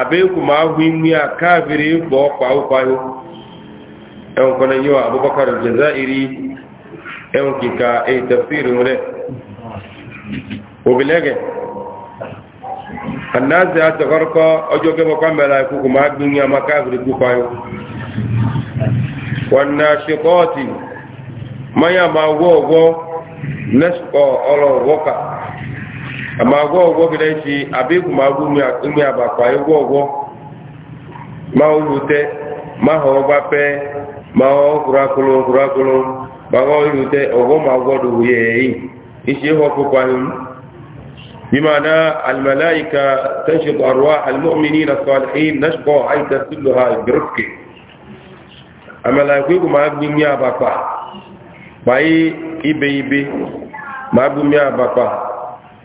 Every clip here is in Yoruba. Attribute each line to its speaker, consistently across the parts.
Speaker 1: abekwu ma ahụ imi a kabiri mkpa ọkwa ụkwayo ẹnkọ́nà yíwa abubakar jazairi ẹnkìka èyí e tafsiri rẹ̀ obìnẹ́gẹ̀ annáàzì àtẹ̀kọ́rọ́kọ́ ọjọ́ gẹ́gbọ́kọ́ mẹ́ra ikúkù máa gbí ní àmà káàkiri púpáyó wọnà ṣekọ́ọ̀tì mọ́yà máa wọ́ ọgọ́ ama agwọ ọgwọ gịrị chi abịa ikwu ma agwọ ume abakwa egwu ọgwọ ma olute ma ha ọgba pee ma ọ kwụrụ akụlụ kwụrụ akụlụ ma ọ olute ọgwọ ma agwọ dụrụ ya eyi isi ịhụ ọkpụkwa بمعنى الملائكة تنشط أرواح المؤمنين الصالحين نشقى أي تسلها برفق الملائكة يقول ما أبني ميا بقى باي إبي إبي ما أبني ميا بقى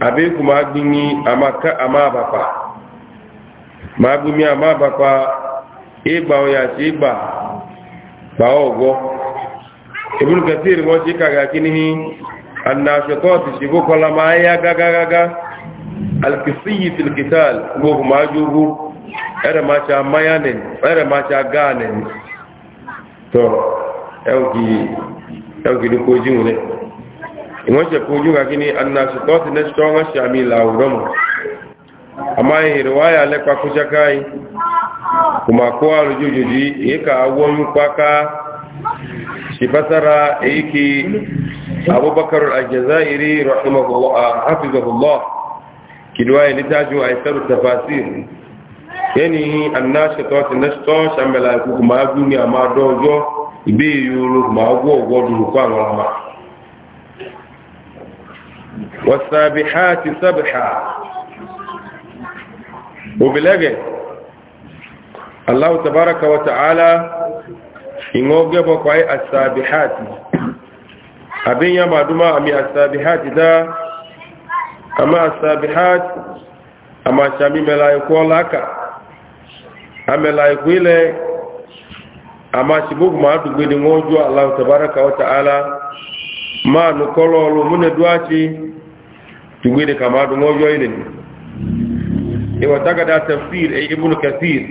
Speaker 1: abe kuma a amaka amabapa ma agbimi amabapa igba oya ti igba gba ọgọ ibùn kẹsìrì wọn ti kàgà kí ní annashekọ ti ma ya gágágágá alkisiyi tilkital gbogbo ma jogu ẹrẹ ma ṣe amayanin ẹrẹ ma ẹwùkì ní kó jíun ìwọ́n ṣe kojú kàkí ní annasitọ́ ti nẹ́ṣọ́ wọ́n ṣe àmì ìlà àwùrọ̀ mọ̀ àmá ìhèrè wáyà lẹ́pa kó ṣakáyí
Speaker 2: kò máa kó àrùjòjòjì èékà wọ́n páká
Speaker 1: ṣe fásara èyí kí abubakar aljazairi rahimahullah kìdíwá ilé tájú àìsàrù tafasir yẹni annasitọ́ ti nẹ́ṣọ́ ṣàmìlà والسابحات سبحا وبلغه الله تبارك وتعالى ingoge bo kwai as-sabihat abin ya maduma ami as-sabihat da ama as-sabihat ama chami melaiku laka amelaiku ile ama chibugu ma dugwe ni ngojo Allah tabaraka wa ta'ala ma nukolo mune duachi tungwede kama dungo joine iwatagada tafsir ay ibn kathir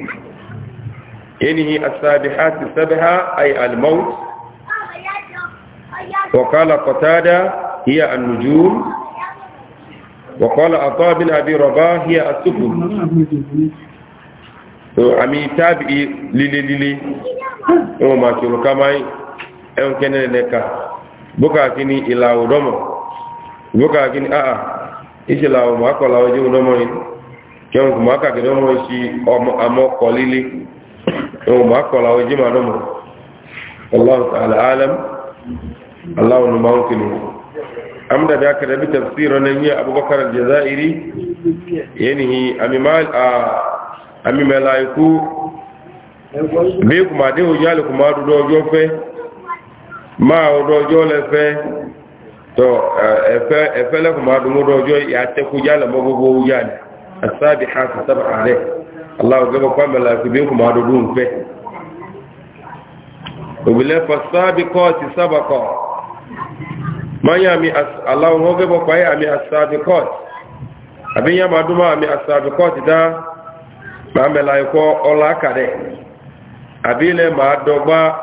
Speaker 1: yani as-sabihat sabha ay al-maut وقال قتادة هي النجوم وقال عطاء بن أبي رباح هي السفن عمي تابعي للي للي وما كيلو كماي أو كان لك بكاكني إلى ودمو بكاكني آه ìṣẹ̀lẹ̀ àwọn ọmọkọ̀lá ojú ọmọrin kí wọn kò máa kàkiri ọmọ ìṣí àmọ́kọ̀ líle ọmọkọ̀lá ojú ma lọ́mọ aláwọ̀ aláwọ̀ ni máa ń kìnnì amda da aka rabi tafsirar nan yi abubakar jazairi yanihi ami malaiku bí kùmàdé òjò alìkùmàdù ọjọ́ fẹ́ máa ọdọ ọjọ́ lẹ́fẹ́ to uh, efe efe la kuma dumo dojo ya te ku jala mo gogo ujani asabihatu sab'a le allah gaba kwa mala ku bi kuma do dun fe obile fasabiqati sabaqa mayami as allah ho gaba kwa ya mi asabiqat abin ya maduma mi asabiqat da ma mala ko ola kare abile ma dogba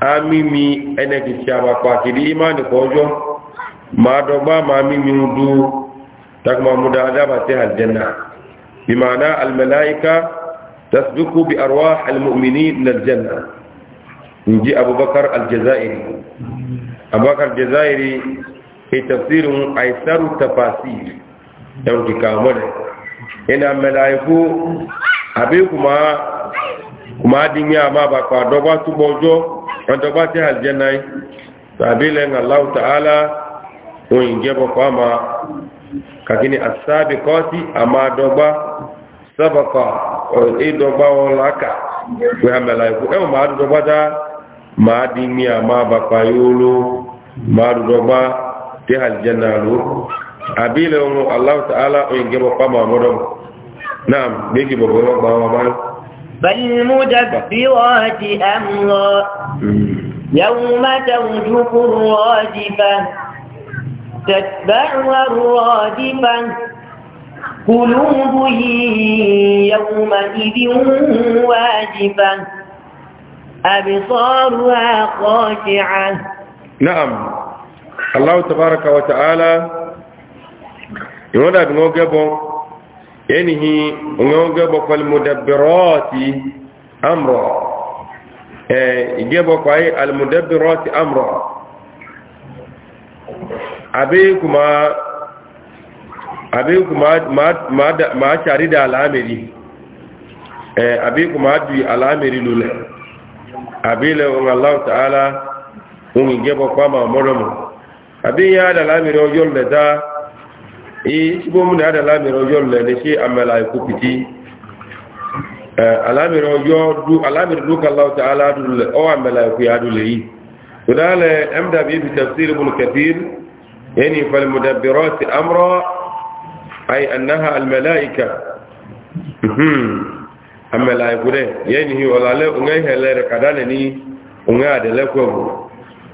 Speaker 1: ami mi eneki siaba kwa kidi imani ma dogba ma mi nyudu takma mudada ba te aljanna bi ma'ana al malaika tasduqu bi arwah al mu'minin lil janna inji abubakar al jazairi abubakar jazairi fi tafsirin aisaru tafasir dan kikamu da ina malaiku abe kuma kuma dinya ama ba kwa dogba tubojo wọn dọgbà tí àjẹ́ náà tàbí lẹ́nu aláwọ̀ oyin jẹ́bọ̀ kọ́ ma kàkíní asábì kọ́ sí àmà ozi sábàkọ́ ìdọ́gba wọn láka pé àmàlà ìkú ẹ̀wọ̀n máa dọ́gba dá máa di ní àmà bàpá yóò ló máa dọ́gba tí àlìjẹ́nà ló àbí ilẹ̀ ohun aláwọ̀tàálá oyin jẹ́bọ̀ kọ́ ma mọ́dọ̀ gba فالمدبرات
Speaker 3: أمرا يوم تتبعها الرادفة قلوب يومئذ واجفة أبصارها خاشعة
Speaker 1: نعم الله تبارك وتعالى يقول لك نوجبه ينهي نوجبه فالمدبرات أمرا إيه يجيبه المدبرات أمره abe kuma abe kuma ma cari da al'amari eh abe kuma du al'amari lula abe le on Allah ta'ala un ge bo kwa ma abe ya da al'amari o yolle da e sibo mu da al'amari o yolle ne shi amala ku piti eh al'amari o yo du al'amari du ka Allah ta'ala du o amala ku ya du le yi قال امدا به في تفسير ابن كثير يعني فالمدبرات امرا اي انها الملائكه اما لا يقول يعني هو لا لا لا كدانني unga da lakwabo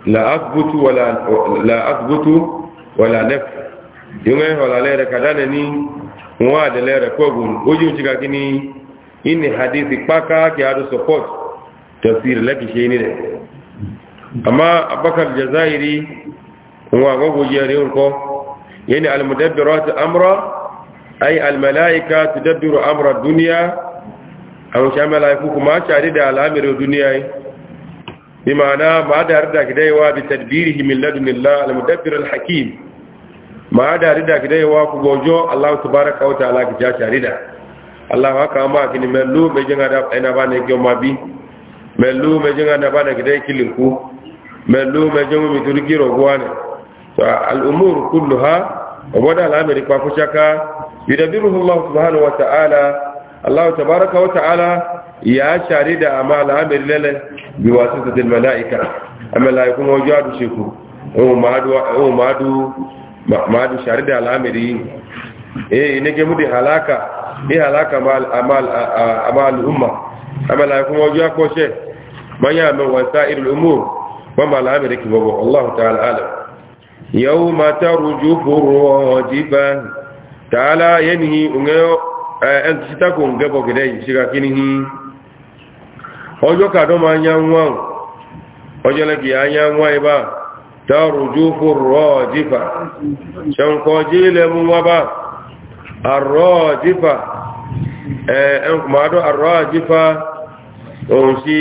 Speaker 1: la athbutu wala la athbutu wala naf yunga wala lere kadanani unwa da lere kogun oju jiga kini ini hadithi paka ki adu support tafsir laki sheni de amma abakar jazairi wa gogo jere ko yani al mudabbirat amra ay al malaika tudabbiru amra dunya aw shamala kuma shari da al'amir dunya bi ma'ana ma da rida kidaiwa bi tadbirihi min ladunillah al mudabbir al hakim ma da rida kidaiwa ku gojo allah tabaaraka wa ta'ala ki shari da allah haka ma kini mellu be jinga da ina ba ne gyo mabi mellu be jinga da ba da kidai kilinku mẹlú mẹjọmọ mi torí kí rọgbọ wa ni al'umuru kullu ha ọgbọdọ alamiri kwakwuchaka yudabiruhu allah subhanahu wa ta'ala allah tabaraka wa ta'ala ya shari da ama alamiri lele bi wasu tatil mala'ika amala'ikun ojú adu sheku ohun ma'adu shari da alamiri eh inake mudi halaka bi halaka ama al'umma amala'ikun ojú akpọshe manya mama la amiri kibobo allah ta'ala alam yawma tarujufu rajifa ta'ala yanhi ungayo eh, en sita ko ngebo gede siga kinihi ojo ka do ma nyanwa ojo la ki anyanwa iba tarujufu rajifa chan ko jile mu waba arrajifa eh en ma do arrajifa on si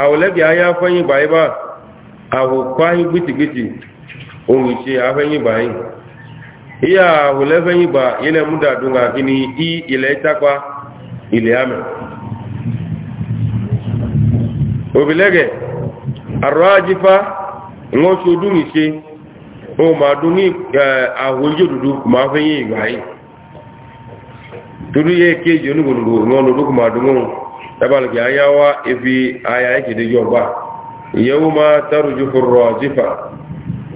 Speaker 1: àwòlẹ́gì ayé afẹ́yìn báyìí bá àwòkwáyí gbìtìgbìtì ohun ìṣe afẹ́yìn báyìí iya àwòlẹ́fẹ́yìn bá ilẹ̀ múdàdún àti i ilẹ̀ ìtàpá ilẹ̀ àmì òbílẹ́gẹ̀ àrọ́ ajífá wọ́n ṣe ìṣe ohun máa dún ní àwòjò dúdú máa ìgbà yìí torí yẹ kéèjì onígbòdòdò wọn lòdókùn máa dún tabalki ayawa ifi aya yake da yorba yawma tarjufu rajifa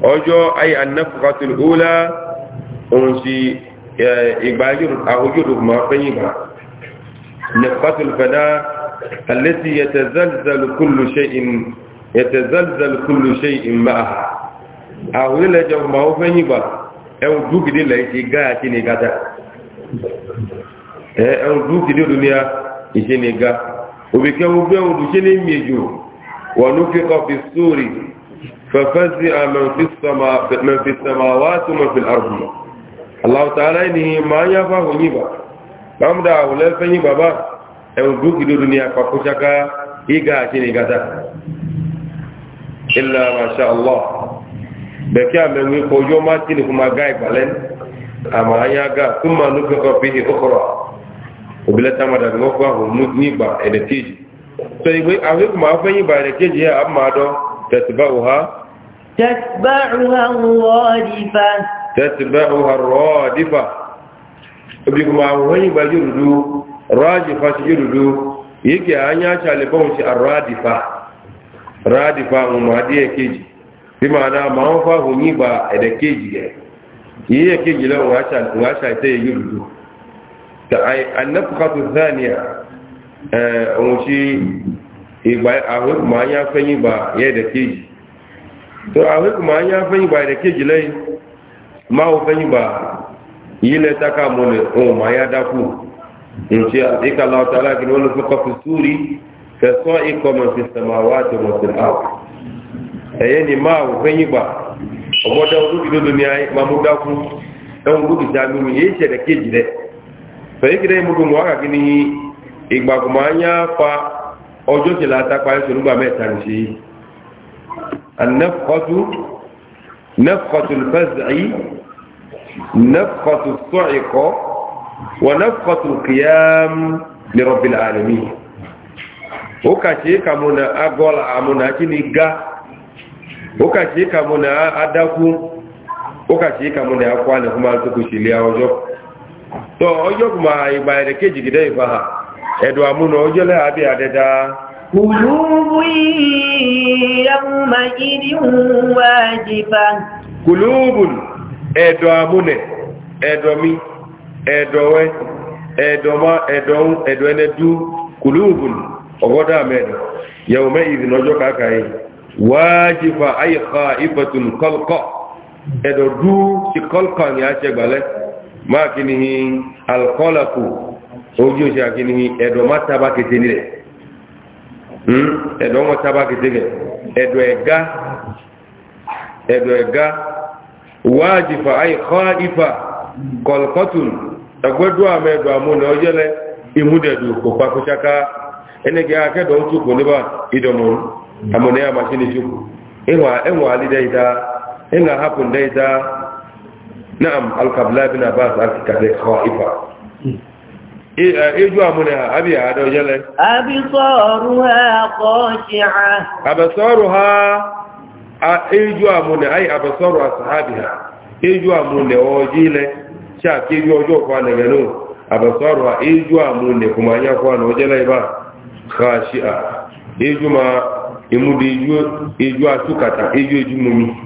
Speaker 1: ojo ay an-nafqatul ula unsi igbajur awjud ma fayiba nafqatul fada allati yatazalzalu kullu shay'in yatazalzalu kullu shay'in ma'aha awila jawma fayiba ewu dugidi la iga kini gata ewu dugidi dunia isini gata وبكم بيودشني ميجو ونفق في السور ففزع من في السماء من في السماوات ومن في الارض الله تعالى ني ما يفعل نيبا بامدا ولا فني بابا ان دوكي دنيا فكوشكا ايغا شيني غدا الا ما شاء الله بكي امن كوجو ما تي كما غايب لن اما يا غا ثم نفق فيه اخرى obìnrin tí a máa dàgbà fún àwọn nígbà ẹ̀dẹ̀ kejì so ìwé àwọn ìkùnmọ̀ afẹ́ yìí bá ẹ̀dẹ̀ kejì yẹ àmàdọ́ tẹ̀síbáwòhá tẹ̀síbáwòhá rọ́ọ̀dífà obìnrin àwọn yìí bá yòrùdú rọ́ọ̀dífà sí yòrùdú yìí kì á yá ṣàlẹ̀ bọ́ọ̀ sí àrọ́ọ̀dífà rọ́ọ̀dífà ọmọ adìyẹ kejì bí máa dá máa ń fáwọn yìí bá ẹ̀dẹ̀ kejì yẹ kì í yẹ kejì lẹ́wọ̀n wọ́n á ṣàìtẹ́yẹ yòrùdú annafukatu zaniya ohun uh, tí ìgbà àwẹ́kùnmọ̀ ayá fẹ́yìn bá yẹ́dẹ̀ kéjì tó àwẹ́kùnmọ̀ ayá fẹ́yìn ya yẹ́dẹ̀ kéjì lẹ́yìn máa ó fẹ́yìn bá yìí lẹ́ taka mọ́lẹ̀ ohun ma ya dákú nṣe ìkàlá ọ̀tà aláàgbìn wọn ló fi kọfí súrí fẹ̀sọ́ ikọ̀ mọ̀sí sẹ̀máwá àti mọ̀sí àwọ̀ ẹ̀yẹ́ ni máa ó fẹ́yìn bá ọgbọ́dọ̀ olóbi lóbi ni máa mú dákú ẹ̀hún lóbi sàmì yìí ṣẹ̀dẹ̀ kéjì lẹ́yìn fẹ̀yíkìdẹ́ ìmúdùn wọ́n kàkí ní ìgbàgbọ̀mọ̀ anyá fa ọjọ́ tí látápa ẹ̀sùn nígbà mẹ́ta ní sí nẹ́fọ̀tù fẹ́sì nẹ́fọ̀tù sọ́ìkọ́ wọ́n nẹ́fọ̀tù kìyàm lérọ̀bìlà àrẹ̀mí ó kàṣe kàmùnà agọ́lá àmùnà kí ni gá ó kàṣe kàmùnà adákú ó kàṣe kàmùnà akọ́ àlẹ́kùnmá tó kù sílé ọjọ́ tọ ọjọ́ kùmà ìgbà ẹ̀rẹ̀ kéjì gidẹ́ ìfà ẹ̀dọ̀ àmúnà ọjọ́ lẹ́yà bí àdẹ́dá kùlùbùn ẹ̀dọ̀ àmúnẹ̀ ẹ̀dọ̀ mi ẹ̀dọ̀wẹ́ ẹ̀dọ̀má ẹ̀dọ̀un ẹ̀dọ̀ ẹnẹ́dú kùlùbùn ọgọ́dá mẹ́rin yẹ̀wò mẹ́ ìrìn ọjọ́ kàkàí wájìfà àyíká ìfẹ̀tùn kọlkọ̀ ẹ̀dọ̀ dú ti kọlkọ̀ ni a ṣẹgbàlẹ́ máa kí ni alkọ́làkù ojú oṣù àkíní hmm? ẹ̀dọ̀ má tábà kété nílẹ̀ ẹ̀dọ̀ wọn tábà kété gẹ̀ ẹ̀dọ̀ ẹ̀gá ẹ̀dọ̀ ẹ̀gá wáàjìfà àìkọ́ ìfà kọ̀lkọ́tùn ẹgbẹ́dọ́ àmọ́ ẹ̀dọ̀ àmúnà ọjọ́lẹ̀ ìmúdẹ̀dù kò pakúṣaká ẹnìkẹ́ akẹ́dọ̀ ń túkù níbà ìdọ̀mọ̀ àmúnà ẹ̀ na'am alkabla bin abbas alkika da khaifa eju e, amuna abi ya da wajale
Speaker 3: abisaruha khashi'a
Speaker 1: abasaruha eju amuna ai abasaru ashabiha eju amuna wajile sha keju ojo kwa na gano abasaruha eju amuna kuma anya kwa na wajale ba khashi'a eju ma imudi e eju eju atukata eju eju mumi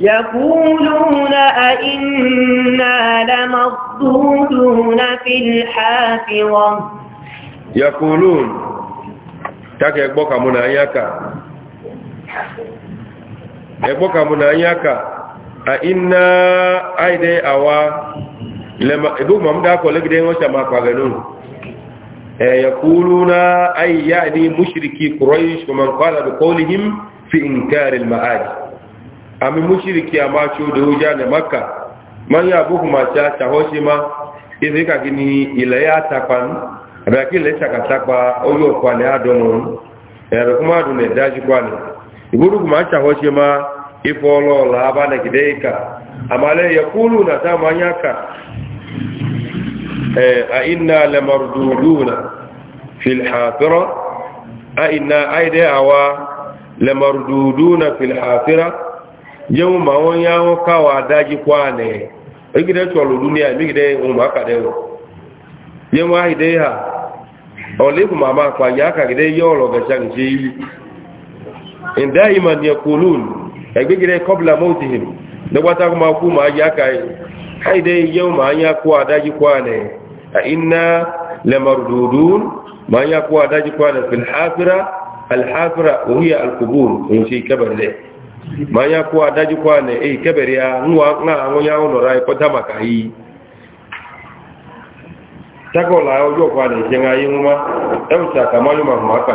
Speaker 3: يقولون أئنا لمردودون في الحافرة
Speaker 1: يقولون تاك يكبوك من أياك يكبوك من أياك أئنا أيدي أوا لما إدوك ممدى كولك دين وشما قاغنون يقولون أي يعني مشركي قريش ومن قال بقولهم في إنكار المعاد àmì múṣìríkì e, a máa ṣòdò ojá nẹ̀ maka ma ń yà àbúkù máa ṣe àṣàhọ́ṣe má ìfẹ́ kàkí ni ilẹ̀ yà tapa ní àbẹ̀kí ilẹ̀ ṣàkàtàpa ọjọ́ ọ̀pàlẹ̀ àdọ́nà ẹ̀rọ kó má dùn ẹ̀dá ṣe kwani máa ṣàhọ́ṣe má ifọ̀ ọlọ́ọ̀lá abánẹ̀kìdẹ́ ìkà àmàlẹ́ yẹ kúlù nà yẹwu ma wọn yà wọn ká wọn adájí kó ànẹ egide tsɔlù lu ní à emegide wọn ma kà dẹ o yẹwu ayi dẹ ha ọlẹ́kùn ma ma kpa yà kàgídé yẹ ọlọ gẹ̀tsà gẹ̀tsà yìí ndé ayi ma ní ẹkọlù ẹgbẹgide kọbla mọ́tì hìm nígbàtà kó ma kú ma yà kà yìí ayi dẹ yẹwu ma yà kó adájí kó ànẹ iná lẹmọdodo ma yà kó adájí kó ànẹ fìlhàfìrà alhàfìrà òhìyà alkubur òhìyà kẹbẹrẹ ma anya kwụ adajikwa na eikebere ya na onye ahụ nọrọ maka iyi takola ka kwa da ìṣẹ́ ayé wọn má ẹwùsà kàmọ́lù ma hùn ápà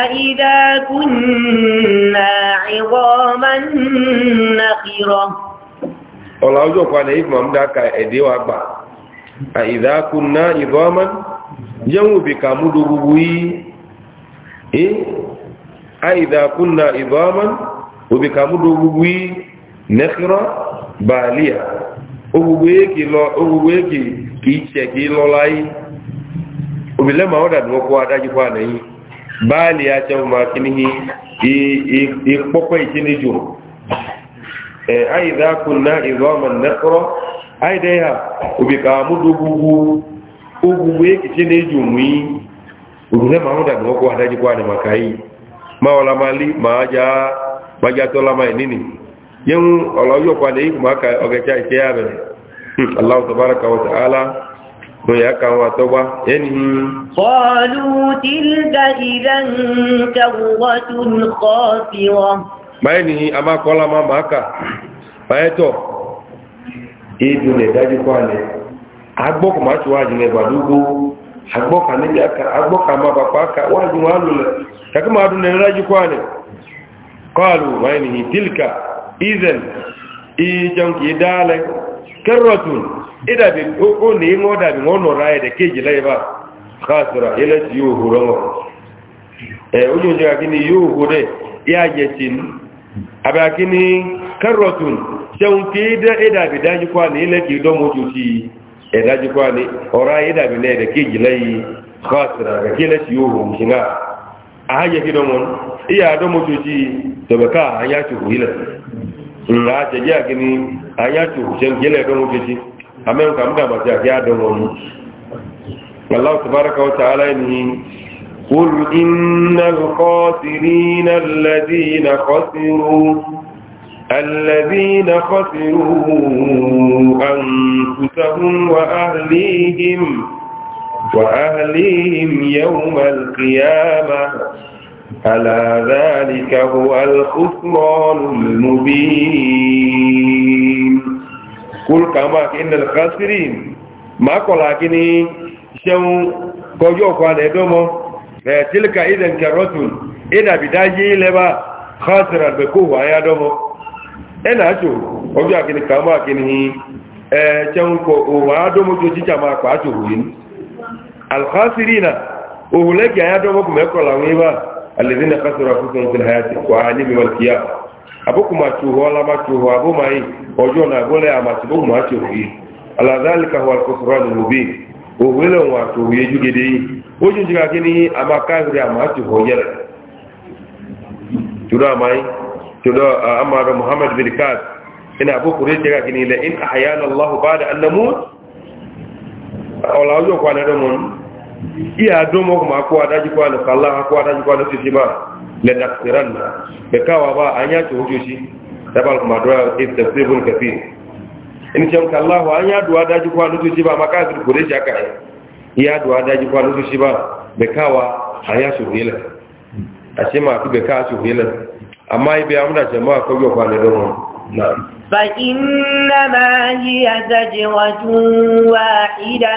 Speaker 3: àìdá kùnà ìwọ̀ ma nà kwa
Speaker 1: da ka wa ka múdò gbogbo obi ka mụda ogbugbu nekro balia ogbugbu eki ka iche ka ịlọla yi obile ma ọ dadu ọkụ adajikwa na yi balia chewụ maka n'ihi ịkpọkwa iche na jụrụ ee anyị dakụ na ịzọma nekro anyị dị ha obi ka mụda ogbugbu ogbugbu ekiche na eji yi obile ma ọ dadu ọkụ adajikwa na maka yi ma ọlamali ma aja gbajatɔ lama yi nini yeŋu ɔlɔyɔ kwane yi kuma ka ɔgɛtsa yi tɛya hmm, bɛ alahu tabara ka wata ala no ya kan wa tɔgba yɛni.
Speaker 3: kɔɔlu tilka ilan tawwatun kɔfiwa.
Speaker 1: maye ni a ma kɔla ma ma ka maye tɔ e dun le daji kɔ alɛ agbɔ kuma tso wa jinɛ badugo agbɔ ka ne bi aka agbɔ ka ma ba kɔ aka wa dun wa lɛ kakɛ ma dun ne kɔ alɛ. قالوا وينه تلك إذن إيجانك إدالة كرة إذا بأقوني مودا بمونو راية كيجي لايبا خاسرة إلت يوهو رمو ojú ojú akíní yóò hó rẹ̀ yájẹ̀ tí ní àbẹ̀ akíní kẹrọ̀tún ṣeun kí ìdàbì dájúkwá ní ilẹ̀ kí ìdọ́mọ́jú sí ẹ̀dájúkwá ní ọ̀rá ìdàbì náà ẹ̀dẹ̀ kéjì lẹ́yìn kọ́sìrà rẹ̀ kí ilẹ̀ tí yóò hó ń ṣe náà aje kidomon iya domo tuji tobeka anya tu ile nga aje ya gini anya tu jengele domo tuji amen kam da baja ya domo Allah tabaraka wa ta'ala ni قل إن الخاسرين الذين خسروا الذين خسروا أنفسهم وأهليهم وأهليهم يوم القيامة ألا ذلك هو الخسران المبين كل كما إن الخاسرين ما قل لكني شو كوجوك على دومو تلك إذا كرة إذا بداجي لبا خاسرا بكوه يا دومو أنا أشوف أجاك كما كني شو كوجوك على دومو جوجي كما كوجوك alkhasirina ohuleki ayadɔbɔku mɛkɔla ŋu iba alezina kasɔrɔ afusun fi hayati wa ani bi malkiya aboku ma tso hɔ ala ma tso hɔ abo ma yi ɔjɔ na abo lɛ ama tso boku ma tso hɔ yi alazali ka hɔ alikɔsɔrɔ anumu bi ohule ŋu atso hɔ yedu gede yi wodzo dzi kake ni ama kaahiri ama tso hɔ yɛlɛ tso do ama yi tso do ama do muhammad bin kaas ina aboku de dzi kake ni lɛ in ahayana allahu baada anamu ɔla ɔjɔ kɔ anadɔ mɔnu iya domo kuma ko adaji ko ala Allah ko adaji ko ala sisiba le daktiranna be kawa ba anya to hojoshi tabal kuma do if the people kafir in cham ka Allah anya dua adaji ko ala sisiba maka gir kore shaka iya dua adaji ko ala sisiba be kawa anya su hila asema ku be kawa su hila amma ibe amna jama'a ko yo kwa le domo نعم
Speaker 3: فإنما هي زجرة واحدة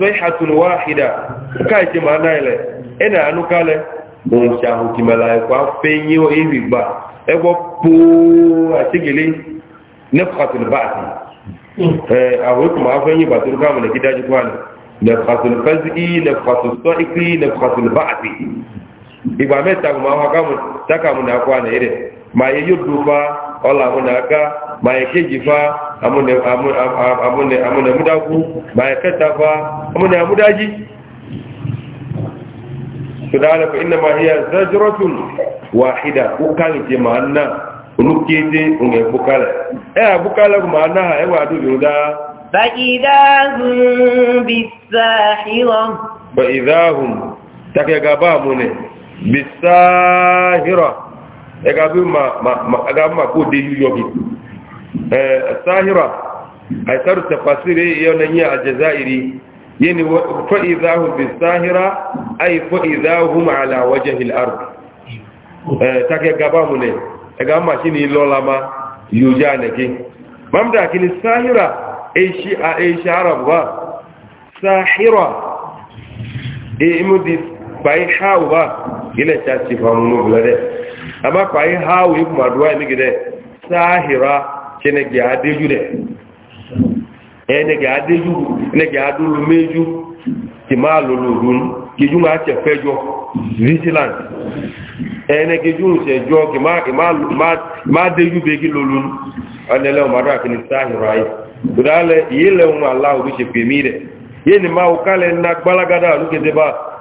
Speaker 1: sayhatun wahida kai ti ma na ile ina anu kale mo sha hu ti mala e kwa fenyi o ibi gba e go po atigele nafqatul ba'd hmm. eh awu ma ba na kwa ni ire ma baya keji fa amune amune amune mudaku baya kata fa amune amudaji sudala fa inna ma hiya zajratun wahida ukali je manna unukete unge bukala eh bukala ko manna ha e eh, wa du yuda fa idahum
Speaker 3: bisahira
Speaker 1: fa idahum takaga ba mune bisahira ega bi ma ma ega ma ko Eh, sahira aisaru tafasiri yau na yi a jazairi yini fa'izahu bi sahira ai fa'izahu ma'ala wajen hil'ar eh, ta ke gaba mu ne daga ma shi ne lola ma yuja na ke mamda kini sahira aishi e a aishi e arab ba sahira e imudi bai hau ba ila ta ci famu mu bulade amma kwayi hau yi kuma duwa yi migide sahira chineke adịju dɛ ɛnɛgɛ adịju ɛnɛgɛ adulu meju tima lolo dun keju ma tse fɛjɔ vigilant ɛnɛgɛ ju tse ma adịju begi lolo nu ɔnɛlɛ ɔma do akele sahira yi tura ala dɛ ma na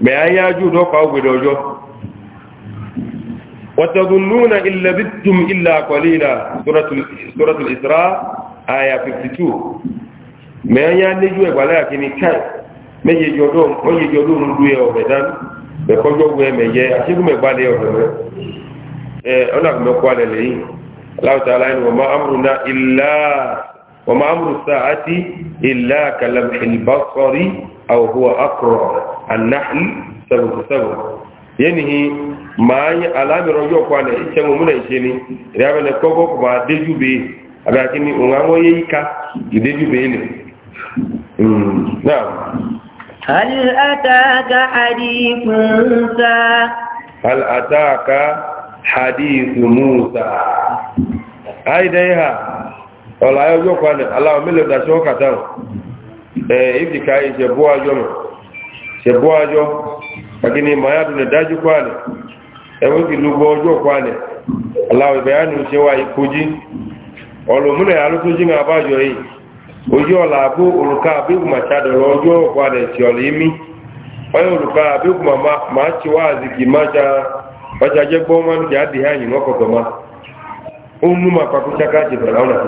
Speaker 1: mɛ an y'a ju dɔ k'aw gbɛdɛ ɔjɔ watazununa illa bittum illa qalila suratul 52 mɛ an y'a neju ɛgbala yakini kai mɛ yejɔ dɔn o yejɔ dɔn nu du yɛ ɔbɛ dan mɛ kɔjɔ wɛ mɛ yɛ a segu mɛ gbalɛ ɔbɛ mɛ ɛɛ ɔna kun bɛ أو هو أقرب النحل سبب سبب yanihi maa yi alamiro yɔ kɔ ne itsɛ mo mu na ise ni riabe ne kɔkɔ kɔ ma deju be abe ake ni ŋun aŋɔ ye yika ideju be le na. hal
Speaker 3: ataaka hadithu musa.
Speaker 1: hal ataaka hadithu musa. ayi dɛ ha ɔlɔ ayɔ yɔ ne alawo mele da sɔ kata ibdi kai je buajo me je buajo lakini mayadu ne daju kwale ewe eh, kilugo eh. ojo kwale alawe bayanu se wa ikuji olumune alutuji nga bajo yi ojo labu uluka bi kuma chado ojo kwale ti olimi oyo uluka bi kuma ma ma chi wazi kimaja bacha je goma ni jadi hanyi ngoko goma umuma pakuchaka je balaona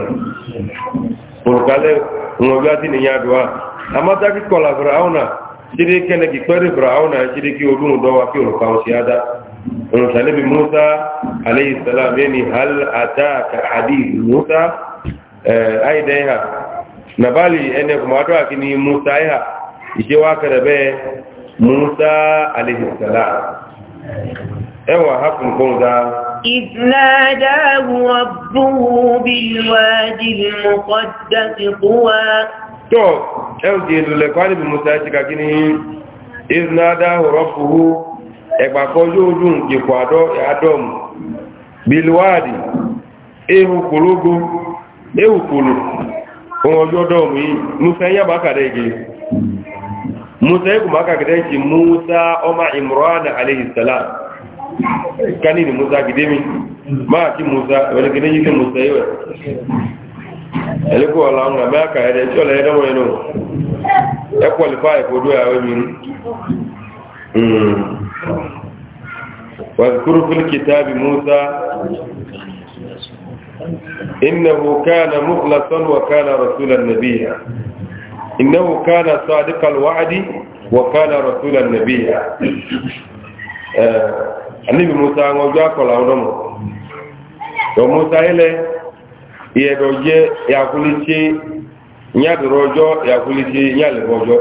Speaker 1: uluka le ŋɔgbɛ ati ni nya do wa amataki kɔla firawuna sidi kɛnɛ ki kpɛri firawuna sidi ki olu dɔ wa ki olu kaw si ada ŋɔsani bi musa alayhi salam yanni hal ata ka adi musa ɛɛ ayi dɛ ha nabali ɛnɛ kuma do aki ni musa yi ha ise wa kɛrɛ bɛ musa alayhi salam ẹwà hapun kún dá.
Speaker 3: ìdínádáwù rabbuhu bilwadi muqaddasi quwa.
Speaker 1: tó ẹwù di ìlúlẹ̀ kwani bí musa ti kàkí ní ìdínádáwù rabbuhu ẹgbàkọjú ojú nkèkò àdọ́ àdọ́mù bilwadi ehu kòlógó ehu kòlò ohun ọjọ́ dọ́mù yìí musa yẹ́ bàkàdẹ́ igi musa yẹ́ kùmàkàdẹ́ igi musa ọmọ imran alayhi salam kani ni musa gidemi maa ki musa wani kene yi ni musa yi wɛ ɛlɛ ko wala ŋa mɛ aka yɛ dɛ tí o la yɛ dɛ wɔyɛ no ɛ kɔlifa yɛ ko do yɛ awɛ miri واذكر في الكتاب موسى إنه كان مخلصا وكان رسولا نبيا إنه كان صادق الوعد وكان رسولا نبيا آه anibi musa ŋɔdzo akɔla wo dɔmɔ tɔ musa yi lɛ yɛdɔ dze yakulitse nyadorɔdzɔ yakulitse nyalebɔdzɔ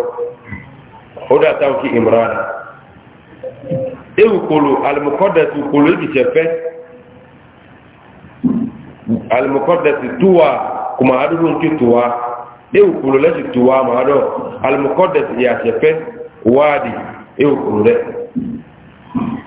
Speaker 1: o da ta ki imran ewu kolo alimukɔdɛsi kolo ekitsɛ pɛ alimukɔdɛsi tuwa kuma adodo ŋuti tuwa ewu kolo lɛ ti tuwa ma dɔ alimukɔdɛsi yatsɛ pɛ waadi ewu kolo lɛ.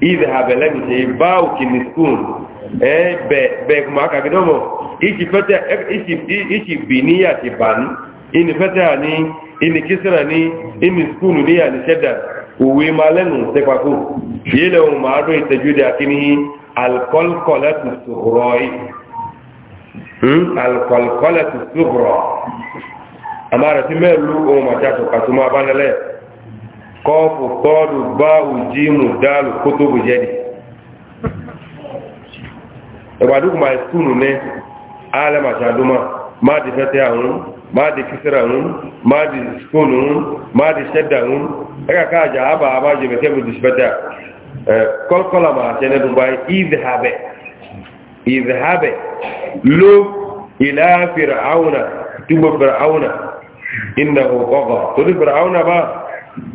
Speaker 1: idhhab lam taybau kimiskun eh be be kuma ka gidomo ichi fata ichi ichi biniya ti ban ini fata ni ini kisra ni ini skunu ni ani shadda uwe malenu se kwaku yele o ma do itajudi akini alqalqalat sughrai hmm alqalqalat sughra amara timelu o ma jato katuma banale kọ́ọ̀fù kọ́ọ̀lù bá òjímù dáàlù kó tó bù jẹ́dì ẹgbàdùkù máa skúlù ní alẹ́màṣàdúmà máa di fẹ́tẹ́ àwọn máa di kìsìrà àwọn máa di skúlù àwọn máa di ṣẹ́dà àwọn ẹgbàká àjà àbà àbájọ mẹ́kẹ́bù di fẹ́tẹ́ kọ́kọ́lá máa ṣẹ́ ní dubai ìdìhábẹ̀ ìdìhábẹ̀ ló ìlà fìrà áwùnà túbọ̀ fìrà áwùnà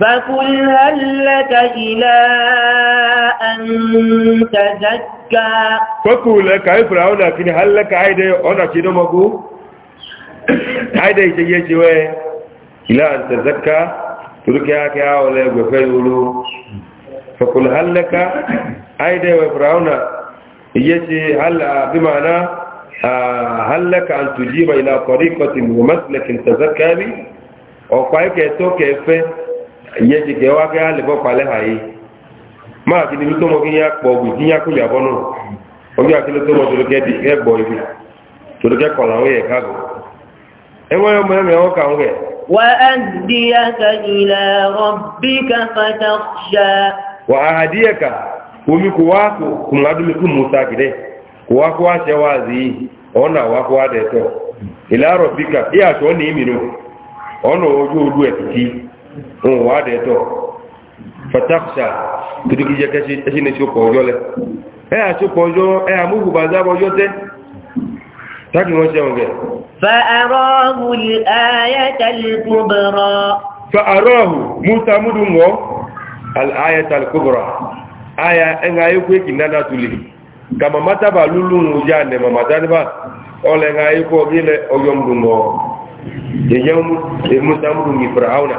Speaker 1: فقل
Speaker 3: هل لك إلى أن تزكى
Speaker 1: فقل لك أي فرعون لكن هل لك عيدة أنا كده مقو عيدة يتجيه شوية إلى أن تزكى تركيا كيا ولا يغفر ولو فقل هل لك عيدة وفرعون يجي هل بمعنى هل لك أن تجيب إلى طريقة ومسلك تزكى بي أو فايك يتوك ìyẹ́ ṣe kẹ́ wá kẹ́ á lè bọ́ bi àyè máa kí ya tó mọ́ kí ní àpọ̀ ògùn tí yá kó yà bọ́ náà ọjọ́ àkílẹ̀ tó mọ́ tòlókẹ́ gbọ́ ibi tòlókẹ́ kọ̀ làwọn yẹ káàbọ̀ ẹwọ́n ọmọ ẹ̀mẹ̀ ọkà ń rẹ̀
Speaker 3: وأهديك
Speaker 1: إلى ربك ila rabbika iya to ni minu o wa de to fa taksa kudu ki je kasi asine si ko jole e a si ko e a mu ba za ba jo ta ki won se won ge
Speaker 3: fa arahu al ayata al kubra
Speaker 1: fa arahu musa mudu mo al ayata al kubra aya en ga yoku ki nana tuli kama mata ba lulu mu ja ne mama ta ba ole ga yoku gile ogom dumo jeje musa mu ni fir'auna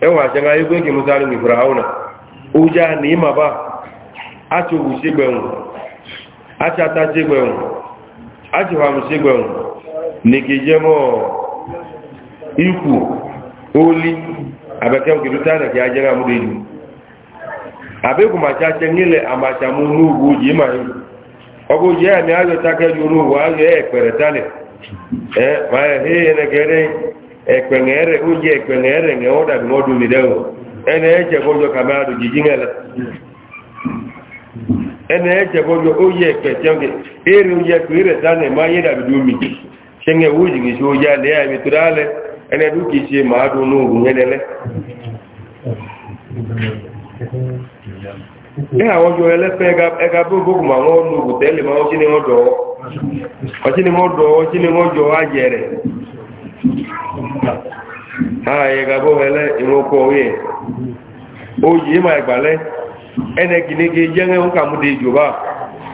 Speaker 1: ewa janga yi gbe musa ni fir'auna uja ni ma ba ati ogu se gbeun ati ata se gbeun ati wa mu se gbeun ni keje mo iku Olí abeke o kiduta na ki ajera mu deju abeku ma cha che ngile amacha mu nugu ji ma yi ogo je mi ayo takeju nugu ayo e eh, pere tale eh mae he ne gere e kwengere uje kwengere nge oda ngodu mideo ene eche bojo kamadu jijingela ene eche bojo uje kwechenge ere uje kwire tane maye da bidumi chenge uji ngi shoja le ya miturale ene duki chi maadu nungu ngedele ní àwọn ọjọ́ ẹlẹ́pẹ́ ẹga bí ògbógùn àwọn olóògùn tẹ́lẹ̀ máa ọjí ni wọ́n dọ̀ ọ́ ọjí ni wọ́n dọ̀ ọ́ ọjí ni wọ́n jọ ajẹ́ rẹ̀ ààyè ẹga bọ́ ẹlẹ́ ìwọ́kọ̀ ọ̀yẹ̀ oyè mà ìgbàlẹ́ ẹnẹ́ kìnnìkì jẹ́rẹ́ ń kàmúdé ìjọba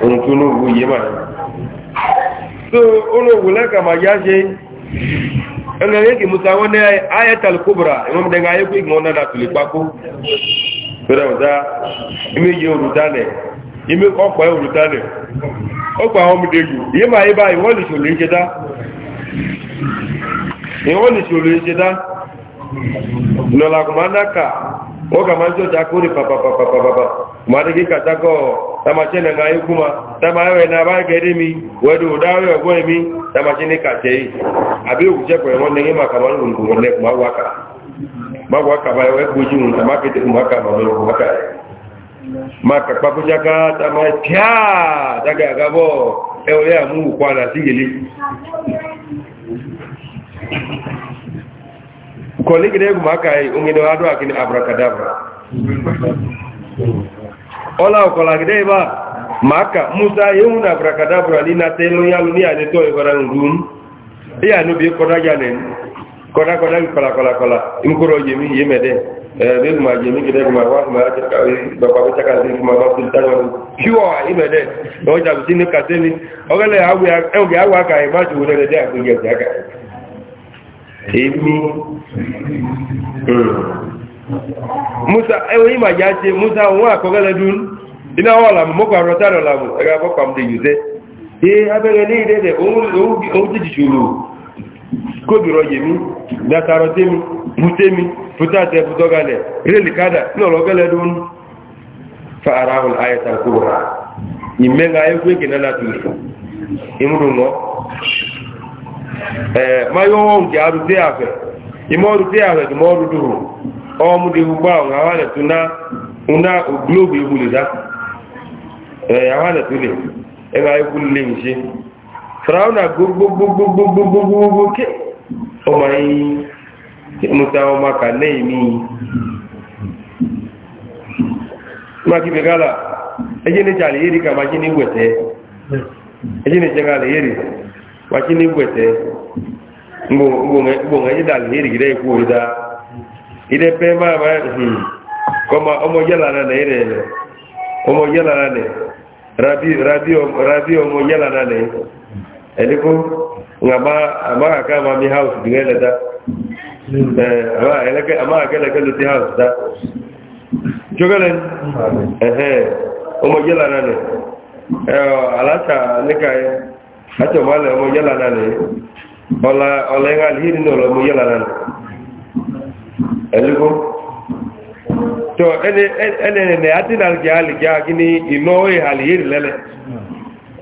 Speaker 1: òun tó lóògùn yé mà so olóògùn lẹ́kà máa yá ṣe ẹnẹ́ yẹ́kì musa wọ́n ní ayẹ́tàlì kóbra ìwọ́n fẹ́rẹ̀ ọ̀dá iméje olùdálẹ̀ imé ọ̀pọ̀ olùdálẹ̀ ọgbà àwọn ọmọdé jù yé máa yíba ìwọ́n lè ṣòlò ń ṣẹdá ìwọ́n lè ṣòlò ń ṣẹdá lọ́làkùnmánáka wọ́n kà máa ń jọ́jà kó rí pàpàpàpàpàpà màdé kí kàtàkọ́ tamàṣẹ́ nà ńlá ikú ma tamàṣẹ́ nà bá gẹ́dẹ́ mi wẹ́dù dáwẹ́ ọgbọ́n mi tamàṣẹ́ ní kàtẹ́ yìí àbí òkú jẹ́kọ̀ọ́ ẹ̀wọ́n ní ẹ̀yìn màkàmọ́ lòlùkùn wọn lẹ́kùn máa wákàá magwa ka bai wai buji mun amma ke duk maka ma maka maka kwa kuja ka ta mai pya daga gabo ewe ya mu kwa na sigili ko ligi de maka ai ungi do adu akini abrakadabra ola ko la gide ba maka musa yuna abrakadabra ni na telo ya ni ani to ibara ngum iya no bi ko daga ne kɔda kɔda bi kɔla kɔla kɔla imukoro yemi yeme dɛ ɛɛ bɛ kuma yemi eh, kɛdɛ kuma wa kuma ya cɛka baba bɛ cɛka se kuma ba tan yeme si ne ka se ni o kɛlen eh, awu aka ye ma tugu ne a ko ye musa ɛwɔ eh, yi ma ja se musa n wa kɔkɛ lɛ dun ina wɔ lamu mo dɔ fɔ de se ee ne yi dɛ o o o ti kóbìrọ mi dátàrọ tèmi bùtèmi bùtàtẹ bùtọgalẹ rẹlì kádà lọlọgẹlẹ dún fa ara hùn ayẹta kúrò ha ìmẹ́ga ayékú èkè náà tó ìmúdùn lọ ẹ̀ẹ́ máyọ́ wọn kì á rúté àfẹ́ ìmọ́rù tí tó mọ́rù dùn gbogbo àwọn lè ọmọ yìí musa ọmọ kà lẹ́yìn mi máa kí bẹ̀gálà ẹjẹ́ ní jà lè ká máa jí ní wẹ̀tẹ́ ẹjẹ́ ní máa jí ní wẹ̀tẹ́ ẹjẹ́ dà ikú pẹ́ máa máa hùn kọma ọmọ ẹ̀rẹ̀ ọmọ ọmọ amagha ka ama mi haus dị eleta eh, amagha ka eleke lute haus ta jogele ehe omojela nani eh, alacha nika ya acha mala omojela nani ola ola nga alhiri no lo omojela nani elugo to ene ene ne atinal ki hali ki agini ino e alhiri lele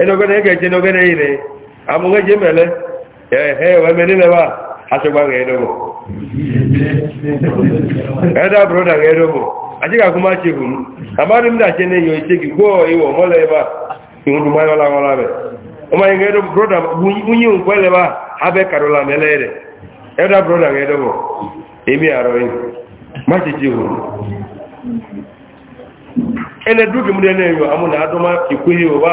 Speaker 1: ẹnìọgọ́dẹ̀ nke jẹ́ ẹnìọgọ́dẹ̀ yìí rẹ̀ amúgẹ́ jẹ́ mẹ́lẹ́ ẹ̀ẹ́ ẹ̀wẹ́mẹ́ nílẹ̀ wà aṣọgbà ẹ̀ẹ́dọ́gbọ̀ ẹ̀ẹ́dà bùrọ̀dà ẹ̀ẹ́dọ́gbọ̀ àṣíkà kú má a hùn àmàrí mìíràn ṣe ní èyàn ìṣẹ́gì gbọ́ ìwọ̀ mọ́lẹ̀ ẹ̀bà ìhun tó máyọ́ láwọ́lá rẹ̀ ọmọ ẹ̀yìn ẹ̀ẹ́dọ́ bùrọ̀dà wúnyìn pẹ́lẹ̀ bá náà ọba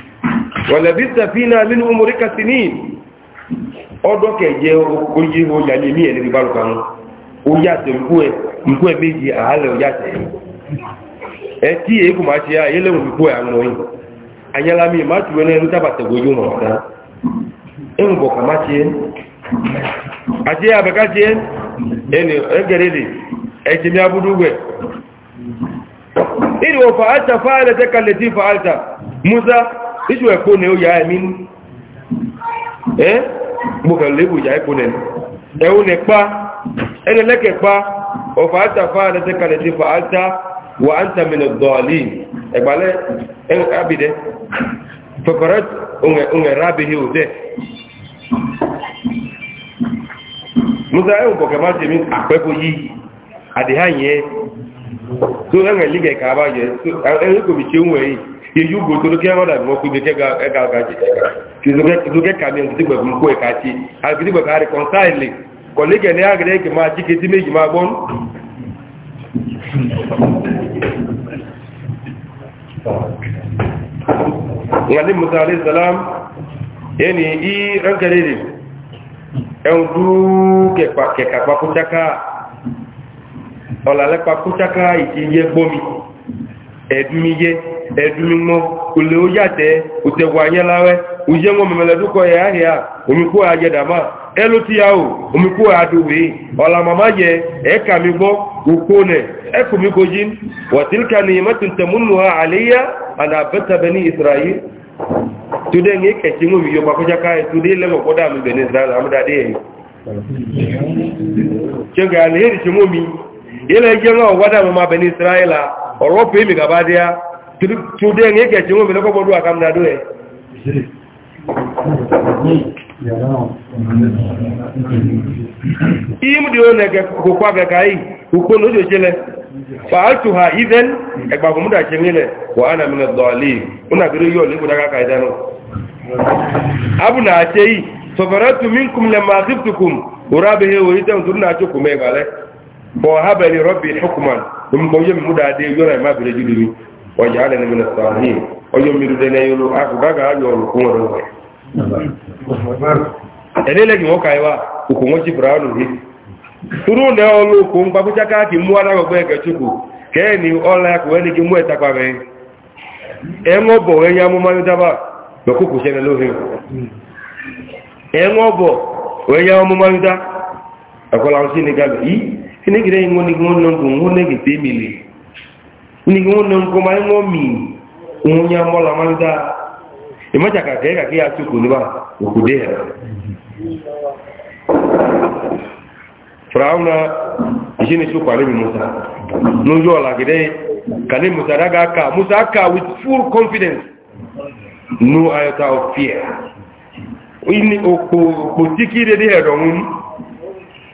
Speaker 1: wọ̀lẹ̀bíta fína nínú omorika sí ní ọdọ́ kẹjẹ oye oya ní mí ẹ̀lẹ́bí bárùkà wọn ó yàtẹ̀ nkú ẹ méjì àhálẹ̀ ó yàtẹ̀ ẹ tí èyí kò máa ṣe ayé lẹ́wọ̀n nkú ẹ àwọn ọ̀yìn anyalami má tù ẹ lẹ́nu tábàtẹ̀ gbójú mọ̀ ọ̀tá ẹ̀hùn bọ̀ kà má ṣe é àti àbẹ̀ká ṣe é ẹni ẹgẹ̀rẹ́lẹ̀ ẹ̀jẹ̀mí abúdúgbẹ̀ ìrìwọ̀ fa'alta fa'alta kallẹ̀ tí fa'alta musa ìjọ ẹ̀kọ́ ni ó yá ẹ̀mí ní ẹ́ gbogbo lébù yá ẹ̀kọ́ nẹ̀ ẹ̀hún nẹ̀ pa ẹni lẹ́kẹ̀ pa ọ̀fà àtàfà àdẹ́sẹ́kàlẹ̀ ti fà áta wà áta mìnà dọ̀ọ̀lì ẹ̀gbálẹ̀ ábìdẹ́ fẹ̀fẹ̀rẹ̀ òǹẹ̀rẹ̀ ábìdẹ́ òdẹ́ musa ẹ̀hún kọ̀kẹ́ má ti mi àpẹ́kọ̀ yìí àdìhá yẹn tó ẹ̀rẹ̀ lígẹ̀ kàbá yẹn ẹ̀rẹ̀ kò fi ṣe ń wẹ̀ yìí yeju gboto ló kẹ́ wọ́n dàbí wọ́n kúbi kẹ́ ẹ̀ka ọ̀gá jẹ kìlókẹ́ kàmí ẹ̀kìtìgbẹ̀ fún kó ẹ̀ka ti àgbẹ̀tìgbẹ̀ ká rẹ̀kọ̀nsáìlì kọ̀lẹ́gẹ̀ ní àgẹ̀rẹ̀ kì máa jí kẹtí méjì máa gbọ́n. ngani musa alayhi salam yẹni e i rankari de ẹ̀hún dú kẹ̀kà pakúchaka ọ̀làlẹ́ pakúchaka ìtì yẹ gbọ́mi ẹ̀dúmíyé ẹ̀dúmímọ́ olè ó yàtẹ́ òtẹ̀wà yẹn láwẹ́ òyẹ́wọ̀n mẹ́mẹ́lẹ́dúkọ̀ ẹ̀ àhìá omikú àjẹdàmà ẹlú tí a ò omikú àdòwé ọ̀làmàmá yẹ ẹ̀ẹ́kà mi gbọ́ òkú nẹ̀ ẹkù mi gojí wàtílkà ní mẹ́tùntẹ̀múnù israel tudẹ́ ní kẹ̀kí mú yíyọ pàkójáká tudé lẹ́wọ̀ kọ́dà israel amúdádé ẹ̀ ṣẹ́gà àléhèrè ṣe mú mi ilẹ̀ jẹ́ náà wádà mọ́ ma bẹ̀ israel ọ̀rọ̀pù ìmì gàbá gaba á tó dé ní ẹ̀kẹ̀ẹ̀kẹ̀ wọ́n mẹ́lẹ́kọ́ gbọ́dọ̀ àkàmìnàdó ẹ̀ ìmìdí ó nẹ̀kẹ̀ kòkó àgẹ̀kà yìí òkú ní oṣù ìṣẹ́lẹ̀ fàájú ha ìdẹ́n ẹgbàgbọ̀múdà ṣe nílẹ̀ wà á nàmìnà dọ̀ọ̀lì ónàbírí yóò وهب لي robin حكما ثم يوم مدى دي يولا ما بلا جدي وجعلني من الصالحين ويوم يردنا يولو اخو بقى يولو كون روح ele legi wo kaiwa ku mo ni turu ne ku chaka ki mu gbe ke chuku ke ni ola ki mu eta e ngo bo we ya mu ma ni daba ku ku e akola o ni enegide ngo ni ngo nongo ngo nege temili ni ngo nongo ma ngo mi ngo nya mola manda imaja e ka gega ki atuku ni ba ukudeha frauna jini chu kwa lebi musa nujo la gide kale musa daga ka musa ka with full confidence no ayata of fear ini opo opo tikire de hedon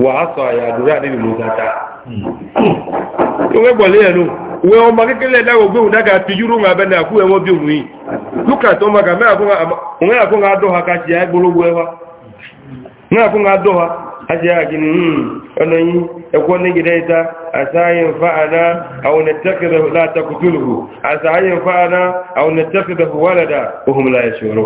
Speaker 1: wàásọ àyàdúrà níbi mọ́gátà hmm. owó gbọ̀lẹ́ ẹ̀nu wọ́n ọmọ kékeré ẹ̀dáwò gbé òun dága fi yúrò wọn abẹ́nà àkú ẹ̀wọ́n bí òun yìí lúkàtọ́ ọmọ gàmẹ́ a àdọ́ha káṣí àgbólógbó ẹwà ní àkún àdọ́ha ọ̀nà yìí ẹ̀kọ́ ìta àwọn ẹ̀tẹ́kẹ̀dẹ̀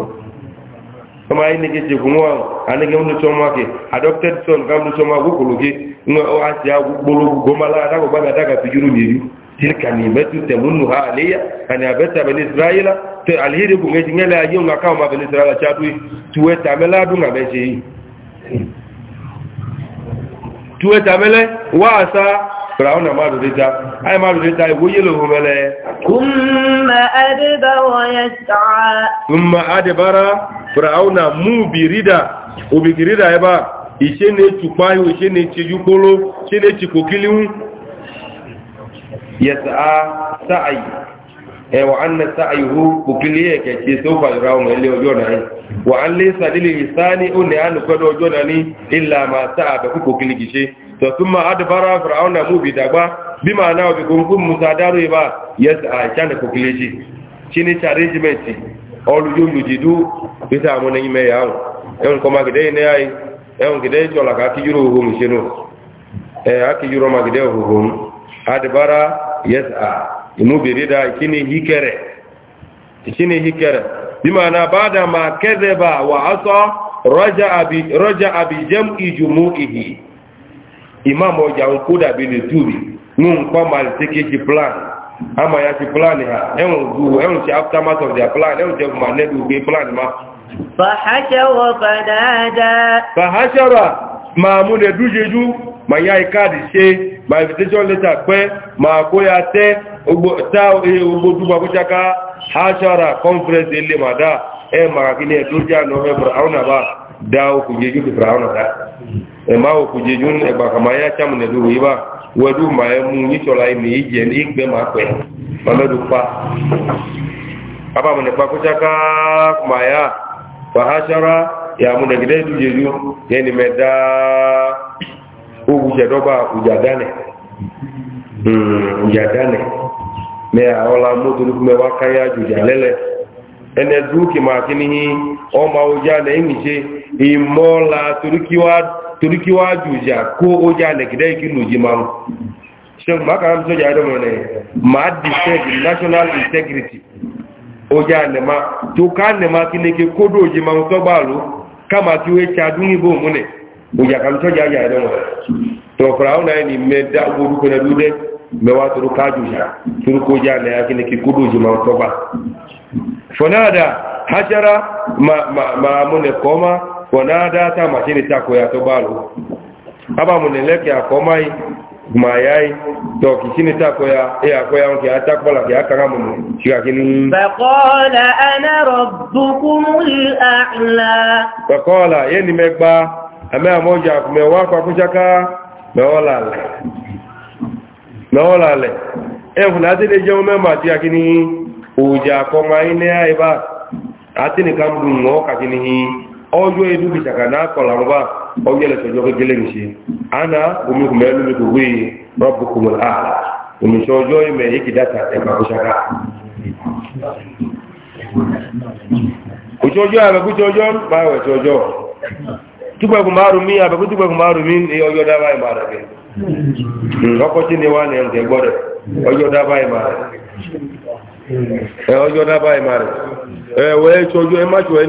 Speaker 1: kama ayi nege jekun wa anege mu tsoma ke adopted son ga mu tsoma go kuluge ngo o asia go bolo go mala da go baga daga tujuru ni tilka ni metu temunu ha aliya ani abeta ben israila te alheri go ngeji ngela ayo nga kama ben israila chadui tuwe tamela du nga beji tuwe tamele wa asa فرعون ما ردتا اي ما ردتا ويله ملا
Speaker 3: ثم ادبر ويسعى
Speaker 1: ثم ادبر فرعون مو بريدا وبغريدا يبا ise ne tupa yo ise ne tiju kolo ise ne ti kokiliun yasa sa'i e wa anna sa'ihu ثم أدبر فرعون موبي دابا بما أنا بكمكم مصادر يبا يسعى كان كوكليشي شيني تاريجمنتي أولو يوم يجدو بتا من يمي ياو يوم كما كده نياي يوم كده جولا كاكي يرو هم شنو أكي يرو ما كده هم أدبر يسعى موبي ريدا شيني هيكره شيني هيكره بما أنا بعد ما كذب وعصى رجع بجمع جموعه imam ọjà ń kódà bí lè túbi ní nǹkan máa lè plan ya ṣe plan ha ẹ̀wọ̀n ju ẹ̀wọ̀n ṣe aftermath of their plan ẹ̀wọ̀n jẹ́ ma nẹ́bí gbé plan ma.
Speaker 3: fàhásẹ́wọ̀ fàdáadá.
Speaker 1: fàhásẹ́wọ̀ máa mú máa yá ṣe máa invitation letter pẹ́ máa kó ya tẹ́ tá ogbó dúpọ̀ kó ṣaká hásẹ́wọ̀ conference ilé màdá ẹ̀ máa kí ni ẹ̀ tó jẹ́ dá okùn yẹjú ẹ̀má òkú jejú ẹgbà kàmá yá chàmù nẹ̀lú wèé bá wẹ́dú mà ẹ́ mú níṣọ́lá ìmì ìjẹ́ ìgbẹ́ máa pẹ̀ mamẹ́dù pa abàmùnẹ̀ pakúṣáká mà yá fàháṣára ìyàmùnẹ̀gídẹ́ ìlú jejú yẹni mẹ́dá ògùjẹ̀dọ́gba òjàdánẹ̀ òjàdánẹ̀ mẹ́ àọ́lá mọ́tò ní kúmẹ́ wá káyá jùjà lẹ́lẹ̀ ẹnẹ dúkì máa kí ní ọmọ ọjà náà ìmìṣe ìmọ́lá torí kí wá torí kí wáá ju ìjà kó ó já lẹ̀kìdẹ́ ìkí lù jí máa ṣeun mákàrá sójà ẹ̀dọ́mọ̀ rẹ̀ máa di national integrity ó já nẹ̀má tó ká nẹ̀má kí ní kí kama òjì máa tọ́gbà ló káàmà kí ó ṣe adúnibò múnẹ̀ òjà kàmí sójà ẹ̀yà ẹ̀dọ́mọ̀ rẹ̀ tọ̀fọ̀rọ̀ àwọn náà ni mẹ́ta orúkọ náà dúdẹ́ mẹ́wàá tó ká ju ìjà tó kó já nẹ̀má kí ní kí kódó òjì máa tọ́gbà fọ̀nàdà hajara ma ma ma múnẹ̀ ne koma. wanada ta mashini chako ya tobalo haba muneleke akomai mayai to kishini ya ya ko ya onke ya kanga mumu shika kini
Speaker 3: faqala ana rabbukumul a'la
Speaker 1: faqala yeni megba ame moja kumewa kwa kuchaka ati àti akíní òjà kọmọ iná ọjọ́ inú bí ṣàkàná kọlàrọ́bá ọjọ́ ẹlẹ́sọ̀jọ́ kékeré ń ṣe ana omikùn mẹ́rin mi kò wéyìn rọ́bùkùn ààrà òmìṣọ́ ọjọ́ ìmẹ̀ yìí dáta ẹ̀kọ́ ṣàkà òṣọ́jọ́ àbẹ̀kúṣọ́jọ́ máa wẹ̀ ṣọjọ́ túgbẹ̀kùn márùn mí àbẹ̀kútúgbẹ̀kùn márùn mí ní ọjọ́ dábà ìmà rẹ̀ ọkọ̀ tí ni wà ní ẹ̀ǹtẹ̀ gbọ́dẹ̀ ọjọ́ dábà ìmà rẹ̀ ẹ̀ẹ́ṣọ́jọ́ ẹ má ṣọ́ ẹ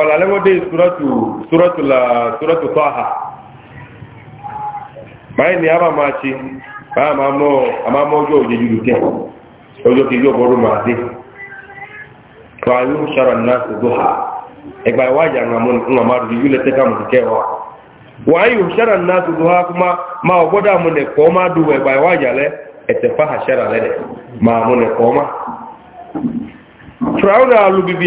Speaker 1: ọ̀làlẹ́wọ́ dé ṣúrọ́tù tọ́ha báyìí ni a máa máa ṣe báyìí a máa mọ́ ọjọ́ òjò yìí lùkẹ́ ọjọ́ kìí yóò bọ́rú máa dé fàáyú ṣàrọ̀ náà sì tó ha ẹgbà ìwájà ńlá máa rí yúlẹ̀ tẹ́ka mọ̀ kẹ́ wa wàáyù ṣàrọ̀ náà sì tó ha kó máa ọgbọ́dọ̀ àmúnẹ̀kọ́ máa dùn ẹgbà ìwájà lẹ́ ẹ̀tẹ̀fà àṣẹ́rà lẹ́dẹ̀ máa àmúnẹ̀kọ́ máa. fúráùnà alùbìbì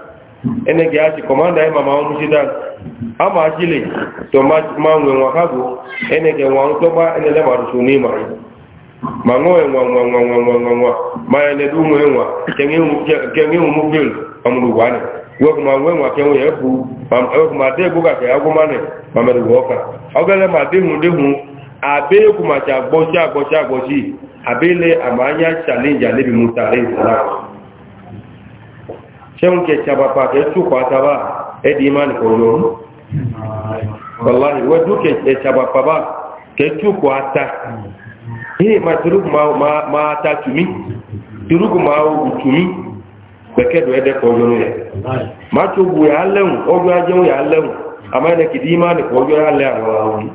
Speaker 1: ene gị kọmanda ịma ma ọnwụ a ma achịle to ma nwe nwa ha bụ ene gị nwa ntọgba enele ma rụsụ n'ịma ma nwa nwa nwa nwa nwa nwa nwa nwa ma enele nwe nwa ke nwe nwe mbil ọmụrụ gwa wegu ma nwe nwa ke nwe ma dị egbuga ka ya ma mere ọka ọ ama anya chalenji alebi sẹ́wọ́n ke ṣàbàpà kẹ ṣùkọ́ àtàbà ẹ̀dì ìmáni ọ̀yọ́ wàláhì wẹ́dú kẹ ṣàbàpà bá kẹ ṣùkọ́ àtà yìí ma turugu ma ta tumi, turugu ma wù tùmí pẹ̀kẹ́dọ̀ ẹ̀dẹ́ kọjọ́ rẹ̀ Ma tó bu yà lẹ́hùn ọjọ́ ajẹ́hùn ya lẹ́hùn ẹ̀dẹ́ kìdí ìmáni àwọn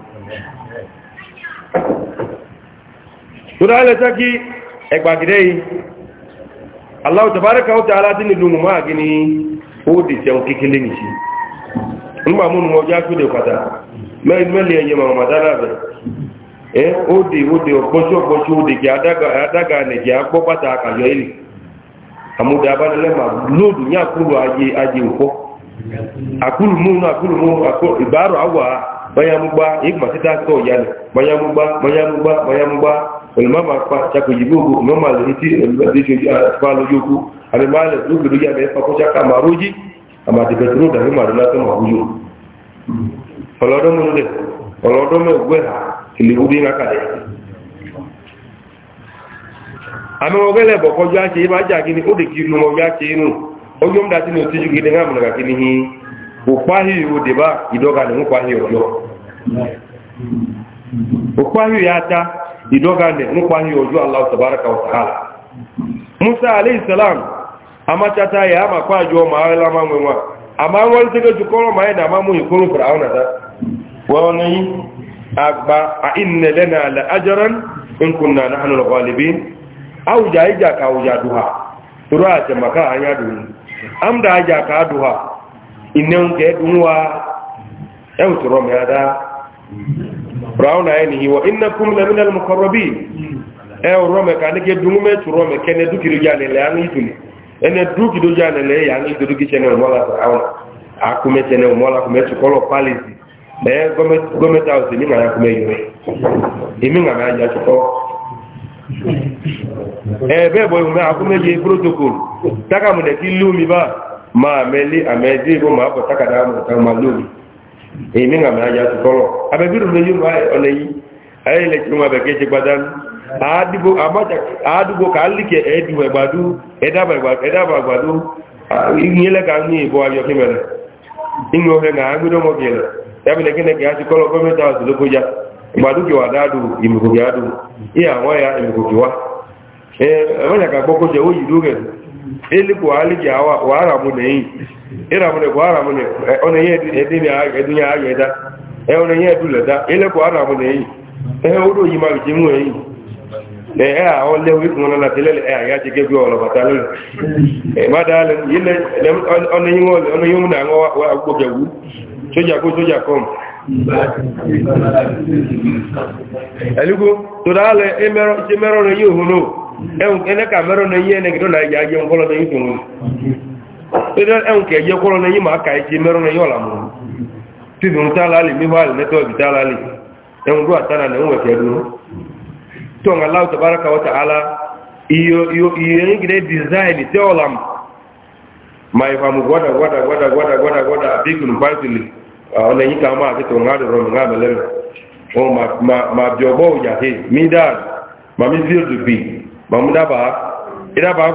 Speaker 1: Allah tabaraka wa ta'ala dini lungu ma gini odi se okikile ni si nba mu mo ja kude kata me me le ye ma ma dala be eh odi odi ogbosho ogbosho odi ki adaga adaga ne ki agbo pata ka yo ile amuda ba le ma lodu nya kulu aje aje uko akulu mu na akulu mu akulu ibaro awa bayamugba igba tita ko yale bayamugba bayamugba bayamugba olùmọ́mà ṣàkòyìnbó olùmọ́mà lórí tí olùmọ́déṣojú àtúmà lójú okú àmìmá lẹ̀ lóògbèrè yàmẹ́ ìfàkóṣàkà màrójí àmàdìbẹ̀tìrò dàbí màrínà tó mọ̀ wúyò ọlọ́dọ́mọ́ rẹ̀ ọlọ́dọ́mọ́ ẹ̀gbẹ́ ìlèwúdí ńlá kalẹ̀ àmì wọn gẹ́lẹ̀ bọ̀ kọjú àṣẹ yìí idoga ne nukwa ni ojú Allah tabaraka wa ta'ala Musa alayhi salam ama chata ya ama kwa jo ma ala ma mwa ama won se ju ko ma ina ma mu ikuru fir'auna ta wa woni agba a inna lana la ajran in kunna nahnu al-ghalibin aw jaija ka uja duha am da aja ka duha inne ke dunwa e uturo me ada brown ayi ni wa inna kum la min al muqarrabin e o rome ka ne gedungu me tu rome kene dukiri jale le an yituli ene duki do jale le ya ngi duki chene mo la brown akume chene mo la kume tu kolo palisi e gome gome ta o ni ma ya kume yure imi nga ma ya tu e be boy me akume je protocol taka mo ne ki lumi ba ma meli amedi ko ma ko taka da mo ta ma lumi èmi ngàmì ajá tó tọ́lọ̀ abẹ́bírù ló yóò báyìí ọ̀nà yìí ayẹ́lẹ̀ tí wọ́n abẹ́kẹ́ ṣe gbádán a kàálìkẹ̀ ẹ̀ẹ́dù ẹ̀gbàdú ẹ̀dàbàgbàdú ìyẹ́lẹ̀ ká ní ìbò ayọ̀kẹ́mẹ̀rẹ̀ inú ọ̀fẹ́ ngà ágbẹ́dọ́mọ̀gẹ̀lẹ̀ yàbìlẹ̀ kí nẹ́kẹ̀ àti kọ́lọ̀ gọ́mẹ́ta ọ̀sẹ̀ ló kójá ya ìmùkòkè wá ẹ̀ẹ́mẹ́ta kàgbọ́kọ́jẹ́ ó yìí lóòrẹ̀ elípò ịramụrụ kwa aramụrụ ọ na-enye edinye agha eda ọ na-enye ile elekwa aramụrụ eyi ehe ụlọ yi ma ji nwe yi eh, eh, ah, na ehe ahụ lewu ikwu na telele ehe ya ji gebi ọlọ bata a, ịmadala na aṅụ agbụgbọ na ẹ̀hùn kẹ̀yẹ kọ́rọ̀ ma ma máa kàí ma mẹ́rún náà yọ́ làmù fífi ń tààlà lè mí wáàlì mẹ́tọ́ ìbí tààlà lè ẹ̀hùn rú àtàrà náà ń wẹ̀kẹ́ dúró tó ń aláwọ̀ tàbára kàwọ́ tààlà ìyẹn gidẹ́ Ma tẹ́ ọ̀làm máa ìfàmù ma gbọ́dà gbọ́dà gbọ́dà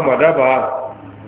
Speaker 1: gbọ́dà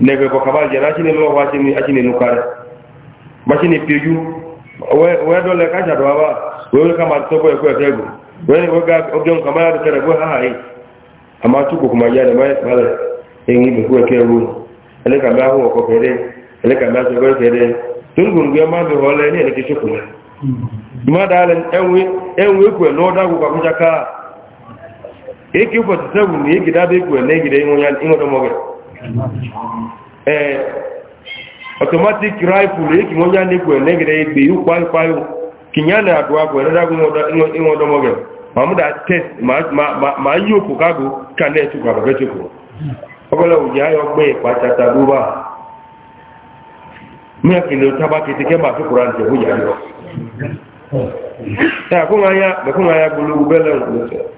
Speaker 1: nẹgbẹ kọkaba jẹ láti ní lọ́wọ́ àti nínú kárẹ̀ bá ṣe ní pẹ̀jú wẹ́ẹ́dọ́lẹ̀ káṣàdọ̀ wá wẹ́ẹ́ ká máa tọ́gbọ́ ẹ̀kọ́ ẹ̀kẹ́ ẹ̀gùn wẹ́ẹ́ ọjọ́ nǹkan máa yàtọ̀ tẹ̀rẹ̀ gbọ́ha a máa tún kòkòmà yá ni máa yàtọ̀ ẹ̀yìn ìbùkú ẹ̀kẹ́ ẹ̀rú ẹlẹ́kàmí ahùn ọkọ̀ kẹ̀rẹ́ ẹlẹ́kàmí aṣọgbọ́ kẹ̀rẹ́ tó ń gbòǹgbò máa eh automatic rifle eh, ki moja ni kwe negre bi u kwa kwa kinyana ya kwa kwa ndaku ngodo ngodo moge mamuda test ma ma ma yo kokago kane tu kwa beti ko okola uja yo gbe kwa tata duba mi akindo taba ti ke ma kwa ranje uja yo ta kunanya ba kunanya bulu bela ngodo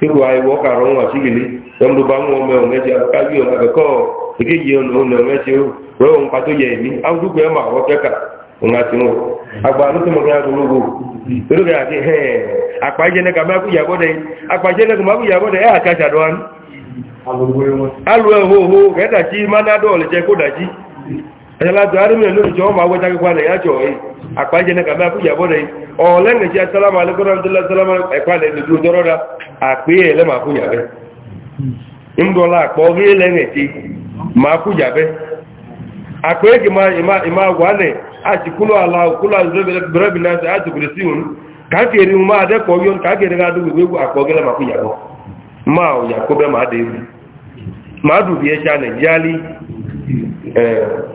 Speaker 1: kekwu anyị bụ ọkara nwa chigili na mbụba nwa ji na ụlọ onwechi wee mkpatụ ya emi agwụgwụ ya ma ọke ka nwachi nwa agba anụtụ maka ya gụrụ ugwu ero ga adị he akpa jene ka makwụ ya akpa jene ka makwụ ya gbọdọ ya akacha alụ ẹ̀yẹ́lájọ́ arúgbìn lórí jọ ọmọ agbẹ́ta kíkọ́ àlẹ̀ yájọ́ yìí àpájẹ́ ní kàmẹ́ àkúyàbọ́ rẹ̀ ọ̀lẹ́nì tí a sálámà alẹ́kọ́rọ̀dúnlá sálámà ẹ̀kọ́ àlẹ́ lójú ọjọ́rọ́dá àpéyẹ̀ ma àkúyàbẹ́ àpéyẹ̀kì ma wà bụ.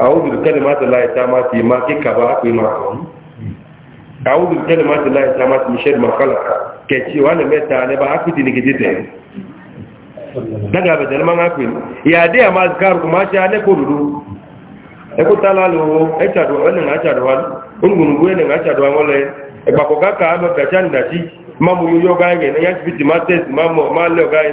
Speaker 1: أعوذ بكلمات الله التامات ما كبا ما أعوذ بكلمات الله التامات من شر ما خلق كتي وانا متى أنا بأكل تنكتتين daga bẹ̀tẹ̀ ní máa pè ìyàdé àmà zikaru ma ṣe alẹ́kòròdó ẹkùtàlá lọ́wọ́ ẹ̀ṣàdọ̀wọ́ ẹ̀nà àṣàdọ̀wọ́ onígbònúgbò ẹ̀nà àṣàdọ̀wọ́ wọn lẹ ẹgbàkọ̀ká kàá mọ̀ gàṣà nìdàṣí máa mú yóò yọ́ gáyẹ̀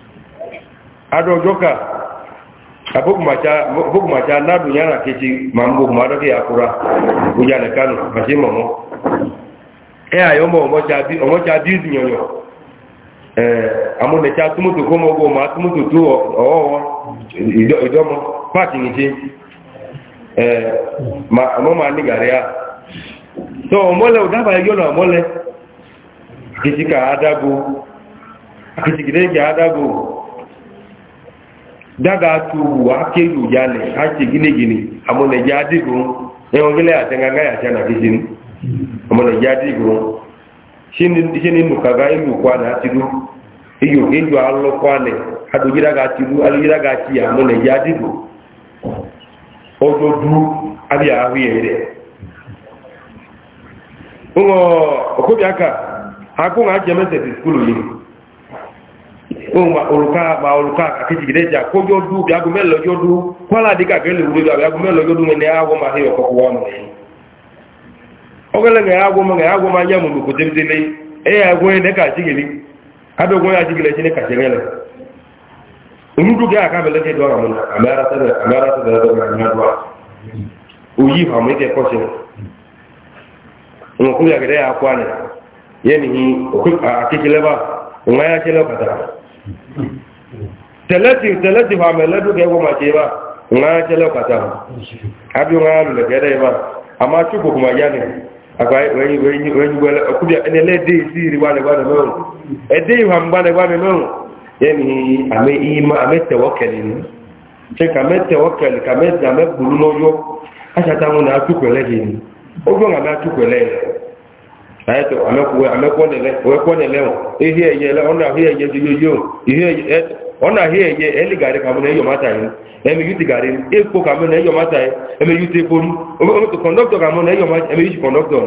Speaker 1: adọ́jọ́ka abogumacha nadu yana kechi e, e, ma mgbogu e, ma adọ́kẹ́ akụra ojane kano machi mọ̀mọ́ ẹ ayọ́ mọ̀ ọmọcha bí ìdìyànyọ̀ amúnẹ̀cha túmùtù kó mọ́gbọ́ ma túmùtù tó ọwọ́ ìdọ́mọ́ pàtì nìche mọ́ ma ní gàrí a tó ọmọlẹ̀ òdábà ẹjọ́ na ọmọlẹ̀ kìtìkà adágo kìtìkìdẹ́ daga atubu akelu a ache gine gine amone jadi go e ya na kijini amone jadi go shini shini nukaga ilu kwana atidu iyo ejo allo kwane adugira ga atidu alugira ga ti amone jadi go ododu abi awiere ngo okobi aka skulu olùkà àgbà olùkà àkejìgìdẹ́jà kójọ́ dú bí agun mẹ́lọ jọ́ dú kọ́lá dí kàkẹ́ ya wúlò bí agun mẹ́lọ ya dú ní àwọn máa yọ kọ́kọ́ wọn nìyí ọgọ́lẹ̀ ní àwọn ya àwọn máa ya ya kò tẹ́lẹ̀ lé ẹ̀yà agun ẹ̀ dẹ́ka àjígìlẹ̀ abẹ́gun àjígìlẹ̀ ya ní kàṣẹ́rẹ́ lẹ̀ ya àkàbẹ̀lẹ́ ya ya ya ya Ya tẹlẹti tẹlẹti fa mẹ lẹdun kẹ wọn ma ba ŋa tẹlẹ kata abi ŋa a ma tso koko ya ni akpa wẹnyi wẹnyi wẹnyi wẹlẹ ọkubi ẹni lẹ de siiri wa wa ame ma tẹwọ kẹlẹ ni tẹ kame tẹwọ kame na atu kẹlẹ de ni atu ayẹtọ amẹkọwẹ amẹkọnẹlẹ ọwẹkọnẹlẹwọn ehi ẹyẹ lẹ ọna ahi ẹyẹ yoyoyo ihi ẹyẹ ọna ahi ẹyẹ ẹli gari kàmú náà ẹyọ mata yi eme yuti gari ekpo kàmú náà ẹyọ mata yìí ẹmi yuti ekpomu ọmọkọ kọndọktọ kàmú náà ẹyọ mata ẹmi yuti kọndọktọ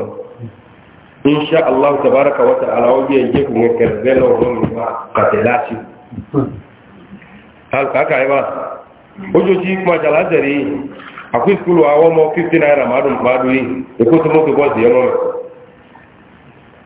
Speaker 1: insha allah tabara ka wata ala oge ẹyẹ kò ń kẹrẹfẹ lọ mi kàkà sukulu fifty naira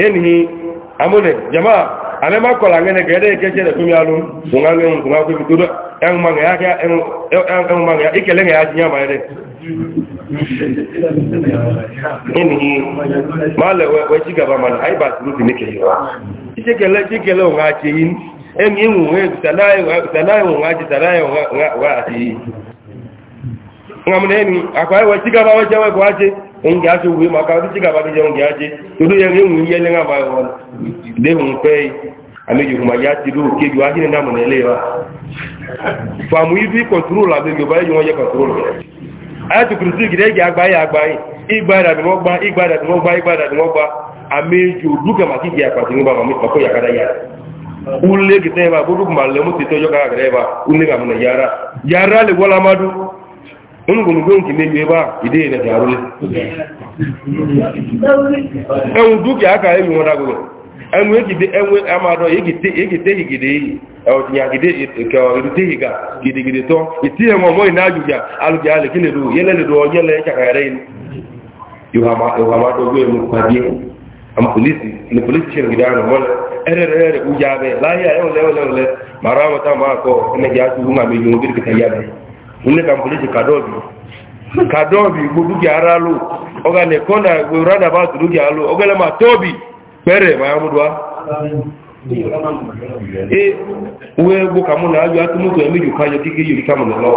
Speaker 1: yenihi amune jamaa ale ma kola ngene gede keche de tumi alu tunga ngene tunga ko bitudo ya ya en en manga ya ikele ngaya ma ya yenihi male we we chiga ba man ai ba suru tinike yo ikele ikele nga chiin en yimu we tanayo tanayo nga chi tanayo nga nga ati ngamne ni akwa ẹ̀yìn a àti òwe maka ọdún tí kàbá tó jẹun jẹ́ àti tòdó yẹ ẹ̀rẹ́ ìwòye lẹ́nà àbáyọ̀ wọn léhùn pẹ́ àmẹ́jọkùnmá yá ti ló kéjù áhìnì náà nílé wa fàmù ibi kọ̀túrò làbẹ́ yorùbá yìí wọ́n yẹ kọ̀túrò ayẹ́tù kìrìsì gìdẹ́ jẹ́ agbáyé agbáyé igba ìdàdì wọ́n gbá igba ìdàdì wọ́n gbá igba ìdàdì wọ́n gbá àmẹ́jọ dúkà màkì jẹ́ àpàtì nígbà màmí pàkó yàkàdá bá gbódùkùnmá lẹ́mú tètè ọjọ́ bá yàrá yàrá lè wọ́lá má dún onugbonogo nke na-ebi ebe a ide ere ga-arụle enwe duka aka enwe nwere agụgụ te egide enwe amadọ egite higide eyi ọtinya gidegiteghị ga gidigide tọ itinye nwe ọmọghị na ajụghị alụghị alị gị ledo ye leledo onye le chakagara elu ihuamadọgo enwe kwabie polisi ne polisi shin gida na mole erere ere ujabe lahiya yau lewele lewele e mara wata ma ko ne ya su ma me yo bir ka tayabe nne ka mpolisi kadobi kadobi gbogbogbo ara lò ọga nìkan na round about dúkìá lò ọgẹ́lẹ́ ma tóbi pẹ́rẹ̀ ma yàmúdúwá e uwe gbogbo kàmú na ayọ́ atúmùtò ẹ̀mí yóò káyọ kíkẹ́ yóò kàmù lọ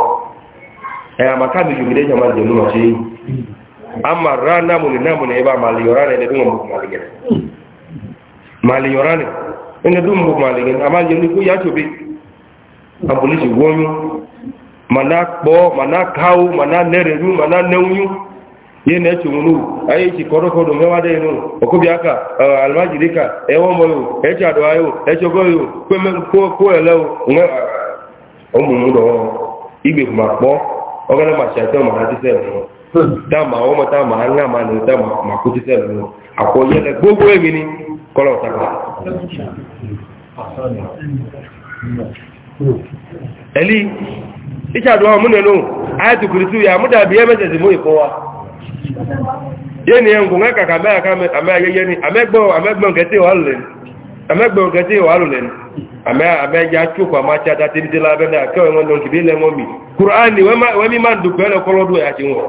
Speaker 1: ẹ̀yà màkà mi yóò gẹ́gẹ́ jàmà jẹ̀mú ma ṣe yìí a ma ra námùnì námùnì ẹ̀bà màlìyọ̀rá nẹ̀ ẹ̀dẹ́gbọ̀n màlìyọ̀rá nẹ̀ ẹ̀dẹ́gbọ̀n màlìyọ̀rá nẹ̀ mana kpọọ mana kawo mana nereru mana neunyu ye na eche nwuru anyị echi kọrọkọrọ nwewa dị nụ ọkụbịa ka almajiri ka ewe ọmọyo eche adụayo echegoyo kwele nwe ụmụ m rọọ igbe ma kpọọ ọgana ma chata ma ha tite tama ọmọta ma ha nga ma na ta ma kwụchite nụ akwọ yele gbogbo egini kọrọ ọtaka eli ìṣàdùn àwọn múnẹ̀ lóhùn ayẹ́tù kìrìtù yà mú dàbí ẹmẹ́sẹ̀sì mú ìkọ́ wa yé ni ẹnkùn kàkà amẹ́yẹyẹ ni amẹ́gbọ̀n kẹtẹ́ wà lò lẹ́nu amẹ́yẹ atsókò àmàtsá dàtí ní délá abẹ́dá kẹwàá ẹ̀wọ̀n lọ kìbí lẹ́wọ̀n mi kùránì wẹ́mí máa ń dùkọ́ ẹ̀lẹ́ kọ́lọ́dún ẹ̀ àti wọ̀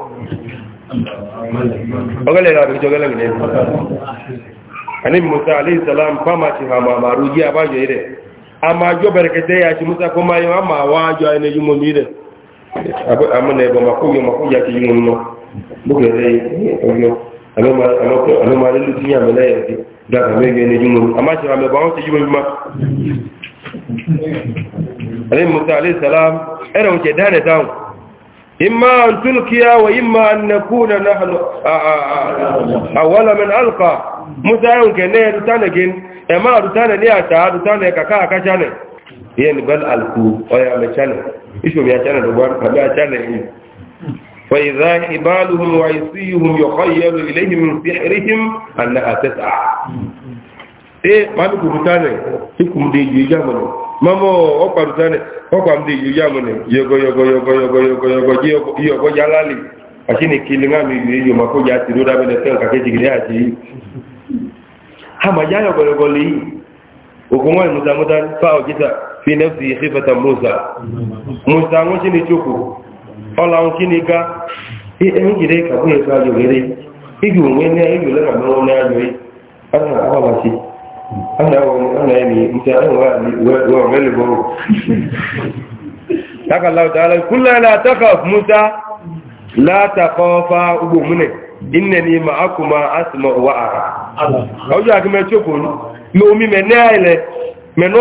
Speaker 1: ọgẹ́lẹ́ ìlànà ìjọgẹ́lẹ́ ama ajo berekete ya chimusa koma yo ama wajo ene yumo mire abo amune bo makunyo makunja ki yumo no buke re yo alo ma alo ko alo ma lu tinya mele ya ti da ka mege ene yumo ama chi ame ba ti yumo ma alayhi musa alayhi salam era uche dane taw imma an tulkiya wa imma an nakuna nahnu awwala man alqa musa yunke ne tanagin ẹ̀má àrùtánẹ̀ ní àṣà àrùtánẹ̀ kàkà àkáṣánẹ̀ yẹ́ ni bẹ́l alkú ọya mẹ́ṣánẹ̀ ìṣòmí àṣánẹ̀ lọ́gbọ́n àbí àṣánẹ̀ yìí fọ̀yìnzá ìbáàlùhùn wà ìsíyùhùn yọ̀kọ́ ìyẹ́lù iléyìn sí ẹ̀ríhìm àna àtẹ́sà ṣé mami kùrùtánẹ̀ tí kùmùdé yìí yàmùnẹ̀ mọ́mọ́ ọkpàrùtánẹ̀ ọkpàmùdé yìí yàmùnẹ̀ yọgọyọgọyọgọyọgọyọgọ hama jana gologolo hii musa fao kisa fi nafsi khifata musa musa ngo chuku ola ngo ka e ngire ka bune ka yo igi ungene igi la na yo yi ana aba basi ana ana innani ma'akuma asma'u wa ara ọjọ́ àti mẹ́tíòkó ní omi mẹ́ní àìlẹ̀ mi ni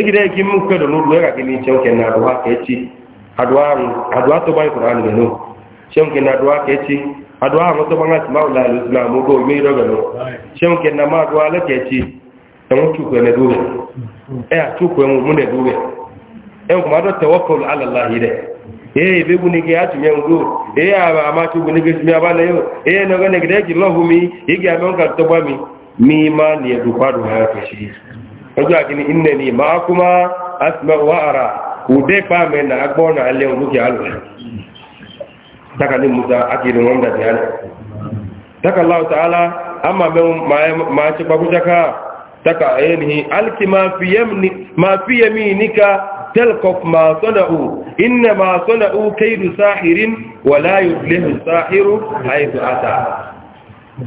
Speaker 1: ṣeun kẹ́ni àdúrà kẹ́ẹ̀tì àdúrà tó bá ìkùrà nìyẹn náà ṣeun kẹ́ni àdúrà kẹ́ẹ̀tì àdúrà àwọn tó bá ń láti máa wùlà ìlú ìsìlámù gbọ́ ìgbé na ṣeun ẹ̀wọ̀n tukọ̀ ẹ̀mẹ̀ dúró ẹ̀ àtukọ̀ ẹ̀wọ̀n múnẹ̀ dúró ẹ̀wọ̀n rẹ̀ ee ìbégun tún yẹn dúró ee àmà tó gbóni kí mi abálẹ̀ yóò ee ẹ̀nàgọ́ nẹ̀gẹ̀dẹ́ kì lọ́hùn mi igi àmẹ́wọ̀n kà tọ́gbà mi taka ayanihi alki ma fi yaminika talqaf ma sana'u inna ma sana'u kaydu sahirin wa la yuflihu sahiru haythu ata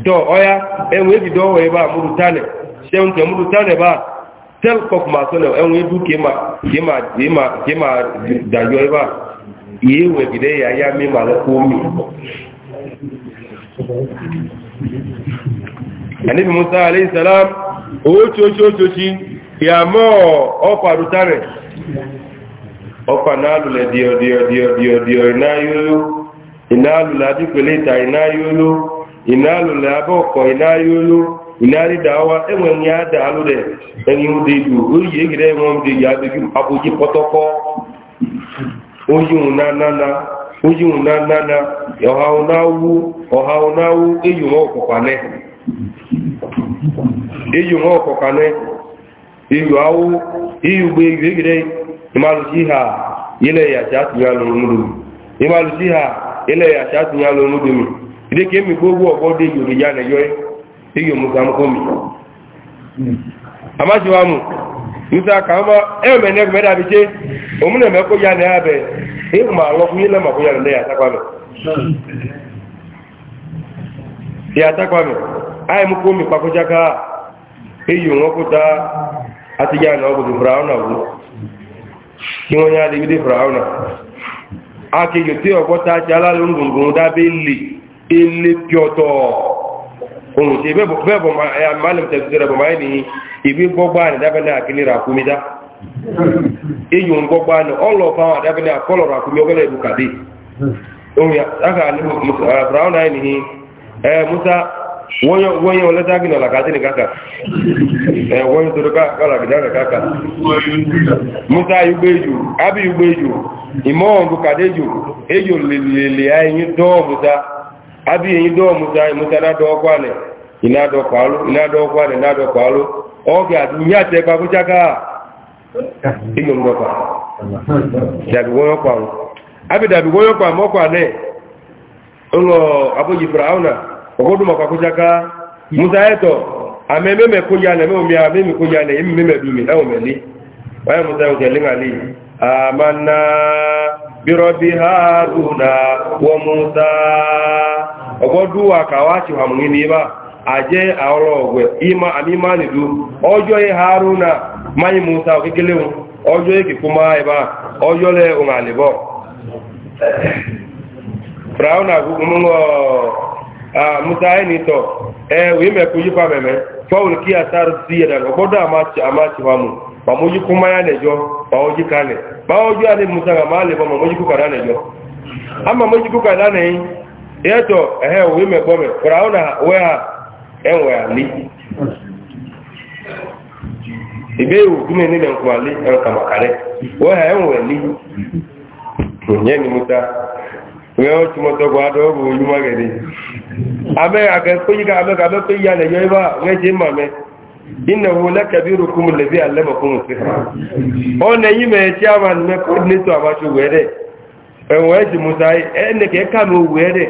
Speaker 1: do oya enwe bi do we ba murutane seun ke murutane ba talqaf ma sana'u enwe du ke ma ke ma ke ma ke ma da yo ba yewe bi de ya ya mi ma la ko mi Anabi Musa alayhi salam ochi ochi ochi ochi ya mọọ ọkwa rutare ọkwa na-alụle dio dio dio dio dio inayolu inalụle adịkweleta inayolu inalụle abọkọ inayolu inaridawa enwe nye ada alụle enyi ụdịdu oyi egide enwe ndị ya abụghị abụghị pọtọkọ ojinwu na nana ojinwu na nana ọha ụnawu ọha ụnawu eyi nwa ọkwụkwa n'ehe iji nwa ọkọka na iyu awụ iyi gbe igu egide ịmalụsi ha ile ya cha tinye alụ ha ile ya cha tinye alụ mi ide ka emikpo ogwu ọgbọ dị ya na yọị eyi omuka mkomi amajiwa mu nta ka mma eme na abiche omuna eme ya na ya be ịhụ e ma alọkwu ile ma kwụnyere na ya atakwa mi ya atakwa mi ayé mú kó mi pàkójá ká èyí wọn kó ta àti yá àná ọgbọ̀dọ̀ fìràwọ̀nà wò kí wọ́n yá lè gbé fìràwọ̀nà akéjò tí ọ̀pọ̀ ta ti alálóńgbòǹgbòǹ dábẹ́ lè ele pìọ̀tọ̀ ohun tí bẹ́ẹ̀ bọ̀ máa lè tẹ̀sí rẹ̀ bọ̀ máa ní ìwé gbọ́gbà ní dábẹ́ náà kí ní ràkúmi dá èyí wọn náà ìlú kàdé ohun musa. wọ́nyẹ̀ wọ́n lẹ́tàgì náà làkàtí ní kàkà ẹ̀wọ́nyẹ̀ tó kàkà kàkà múta ìgbé jù ábí ìgbé kàdé jù èyò lèlè ayẹyìn dọ́ọ̀múta ábí ẹ̀yìn dọ́ọ̀múta ìmúta nádọ́ọ̀kwánẹ̀ ìnádọ́ọ̀kwánẹ̀ nádọ́ọ̀kwáló ọgẹ̀ àdúnyàtẹ́ dàbí ogoduma kakuchaka musa eto amememe kujane meumia mimi kujane imi mime dumi au meli waya musa ukelinga li amanna birobi haruna wa musa ogoduwa kawachi wa mwini ba aje aologwe ima amimani du ojo ye haruna mai musa ojo ye e ojo le ungalibo Brown agumungo Ah, musa ẹni tọ ẹ wèé mẹ́kú yípa mẹ́mẹ́ fọ́wọ́n kí àtàrà sí ẹ̀dà ọgbọ́dọ̀ àmáṣíwámù màmójú kú máyà nẹjọ́ màmójú kalẹ̀ báwọ́jú àti musa màmá lè bọ́ màmójú kú kàdá nẹjọ́ a màmójú kú kàdá nẹyìn ẹ̀ẹ́tọ̀ ẹ̀hẹ́ wèé mẹ́kọ́ mẹ́ fọ́ra ibe iwu dume ni na nkwale yan kamakare wa ha yan wali to nye ni muta wee chụmọtọgwa ada ọgwụ onye magadi ameghị aga ekwenye ga ame ga amekwenye ya na-enye ebe a nweji mma me innahu lakabirukum alladhi allamakum sihra ona yime chairman me coordinator abacho wede enwe ji musai ene ke kanu wede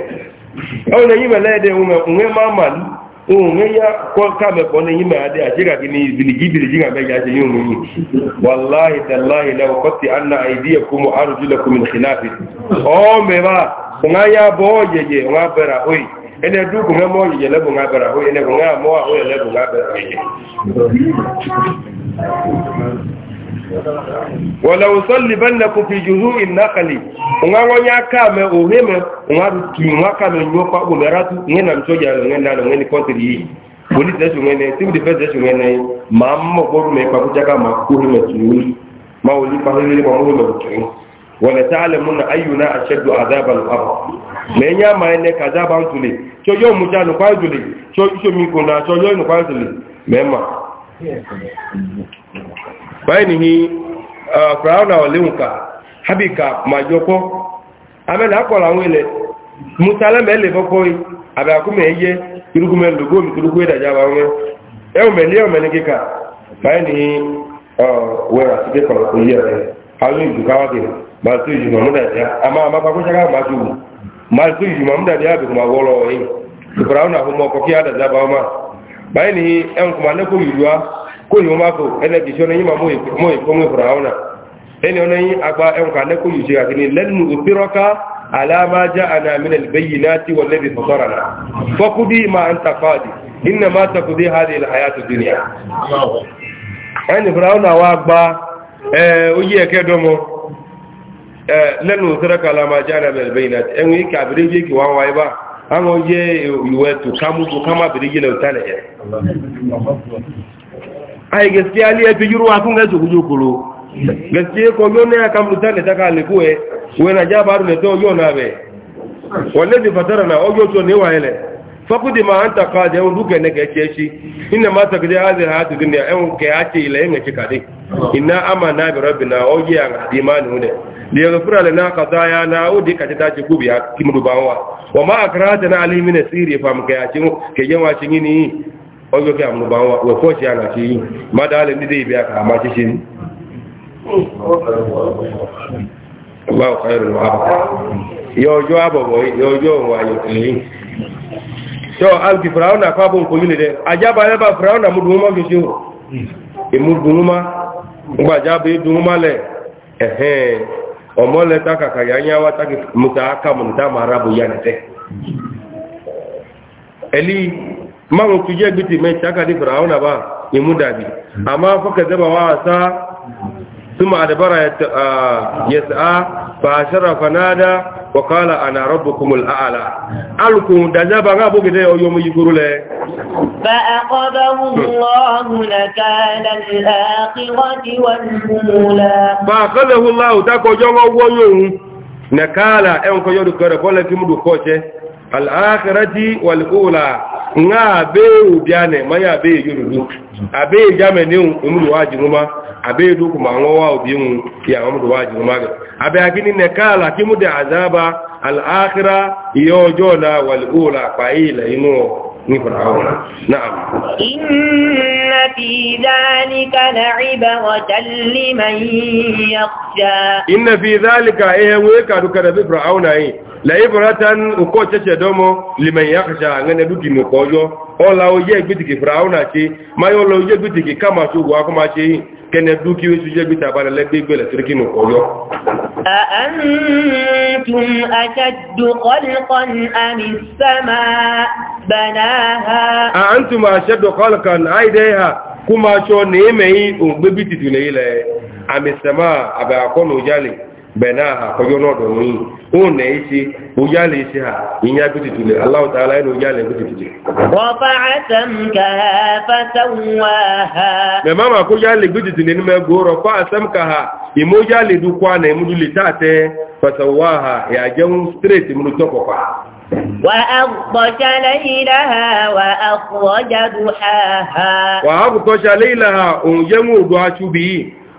Speaker 1: ona yime lede unwe mama òun ya kọ́ǹkà mẹ́kọ́ ní yíma adé àṣíkàkì ní ìbìlìgìbìlì jíga mẹ́jà ṣe yíò yìí wàláhì tàláhì lẹ́wọ̀ kọ́tí anna àìdíyà kó mọ̀ arùjúlẹ̀ kó mìíràn láti ọmọba ọ̀nà ya bọ́ yẹyẹ ọ̀nà bẹ̀rẹ̀ àhóyì ẹni dúkù mẹ́mọ́ yẹyẹ lẹ́bùn ọ̀nà bẹ̀rẹ̀ àhóyì oi. wala òsọ́lì bẹ́ nẹ́kù fi jùrú ìnákàlì ǹwá wọ́n yá o òhé mẹ́ ǹwá kì ǹwá káàmẹ́ yóò pàpò mẹ́ra na ní nà sójà ẹ̀rẹ̀ náà ẹ̀rẹ̀ ní kọ́ntìrì yìí police station ẹ̀ ní civil defense station ẹ̀ ní màá mọ̀ gbọ́dọ̀ mẹ́ pàpò jáká màá kó hé mẹ́ tù ní máa wòlí pàpò báyìí ni fìràúnà ọ̀lẹ́hùnkà hábìkà màjọpọ̀ amẹ́nà àpọ̀lọ̀ àwọn ilẹ̀ musalẹ́mẹ̀ lè fọ́pọ́ àbẹ̀kúnmẹ̀ ẹyẹ irúgbùmẹ̀ lògó mi ìdàjáwà wọn ẹ̀wùmẹ̀ lé ọ̀mẹ̀ ní kíkà báyìí ni wẹ́rà sí kíkọ̀ kò yẹ rẹ̀ àwọn ìdùkáwàkì máa tó ìjùmọ̀ múdàdí àmà àmà pàkóṣáká máa tó wù máa tó ìjùmọ̀ múdàdí àbẹ̀kùnmọ̀ àwọ̀lọ̀ ọ̀yìn fìràúnà àfọmọ́ ọkọ̀ kí á dàjáwà wọn báyìí ni ẹ̀wùnkùnmọ̀ anẹ́kọ̀ọ́ kóyìn wọn bá fò ẹnẹ́bì tí ó ní yí máa mú ìfọ́mú ìfọ̀ràwọ́nà ẹni ọ̀nà yí àgbà ẹnkà lẹ́kùn yìí ṣe àkíní lẹ́nu òfìrọ́ká alámájá ànàmìnà ìbẹ́yìn náà tí wọ́n lẹ́bì fọ́tọ́rà náà fọ́kúdí máa ń tàfáàdì iná máa tàkùdí hádé àyàtò dúnìyà gba lẹ́nu òfìrọ́ká alámájá ànàmìnà ìbẹ́yìn náà ẹ̀wọ̀n ikẹ̀ àbẹ̀rẹ̀ àwọn ìwẹ̀ tó kámú tó kámá yìí lẹ́wọ̀ tánà ai gaskiya ali ya fi yurwa kun ga su ko yone ya taka lutane ta kale kuwe wena jabaru ne to yona be wallazi fatarana ojo to ne waele fakudi ma anta qadi yau duka ne kace shi inna ma takdi hadhihi hayatu dunya yau e ke ace ila yin kace kade ama amana bi rabbina oji an imani hune li yaghfira lana qadaya na udi kace ta ci kubi kimudu bawa wa ma akrata na alimin sirri fam kace ke yawa cin ni ọjọ́ kí àmúbà wọ̀ fọ́ọ̀ṣì ànàtí yìí má dáálẹ̀ nídé ìbí àkà àmà ṣíṣe ní ọba ọ̀ká ìrìnà àbọ̀ yọ ọjọ́ àbọ̀bọ̀ yọ ọjọ́ òun àyọ̀kẹ̀ yìí tọ́ alùpì fìràún àpapọ̀ nǹkan yìí lẹ́dẹ̀ ajába lẹ́bà fìràún àmúdùnmọ́ fi ṣe ìmúdùnmọ́ gbàjábé dùnmọ́ lẹ̀ ẹ̀hẹ́n ọmọ lẹ́ta kàkà yányá wá tákì mùtà ákàmùnítà máa rábò yánẹ̀tẹ́ ẹ̀lí mamu tuje biti mai taka di fir'auna ba ya mu dabi amma fa ka zaba wa sa thumma adbara yas'a ah, fa shara fanada wa qala ana rabbukumul a'la alku da zaba ga bugi da yo mu yigurule
Speaker 3: fa aqadahu Allahu lakana al-akhirati wal-ula
Speaker 1: fa aqadahu Allahu ta ko jowo woyun nakala en ko yodu kare bolan ki mudu koche al-akhirati wal-ula nga abe ubia ne manya abe yorudu abe jamani umuru waji numa abe duku mangowa ubiun ya umuru waji numa abe akini ne kala kimude azaba al akhira yojona wal ula laibratan uko cheche domo liman yakhsha ngene duki mikojo ola oye gbitiki frauna chi mayo lo oye gbitiki kama tu wa kuma chi kene duki we suje gbita bala le gbele tiriki mikojo
Speaker 3: a antum ashaddu khalqan am as-sama banaha
Speaker 1: a antum ashaddu khalqan aideha kuma cho bẹ̀ẹ̀nà àkọjọ́ náà dọ̀ wọ́n yìí ó nẹ̀ ẹ́ ṣe ó yálẹ̀ ṣe ìyá bí tìtù aláwọ̀ tààlà ẹ̀nà ó yálẹ̀ bí wọ́n
Speaker 3: bá ha.
Speaker 1: mẹ̀ máma kó yálẹ̀ bí tìtù lẹ̀ ní mẹ́ gbòòrò fá ha ìmó yálẹ̀ dúkú àná ìmúdú lè tààtẹ ha ìyàjẹun straight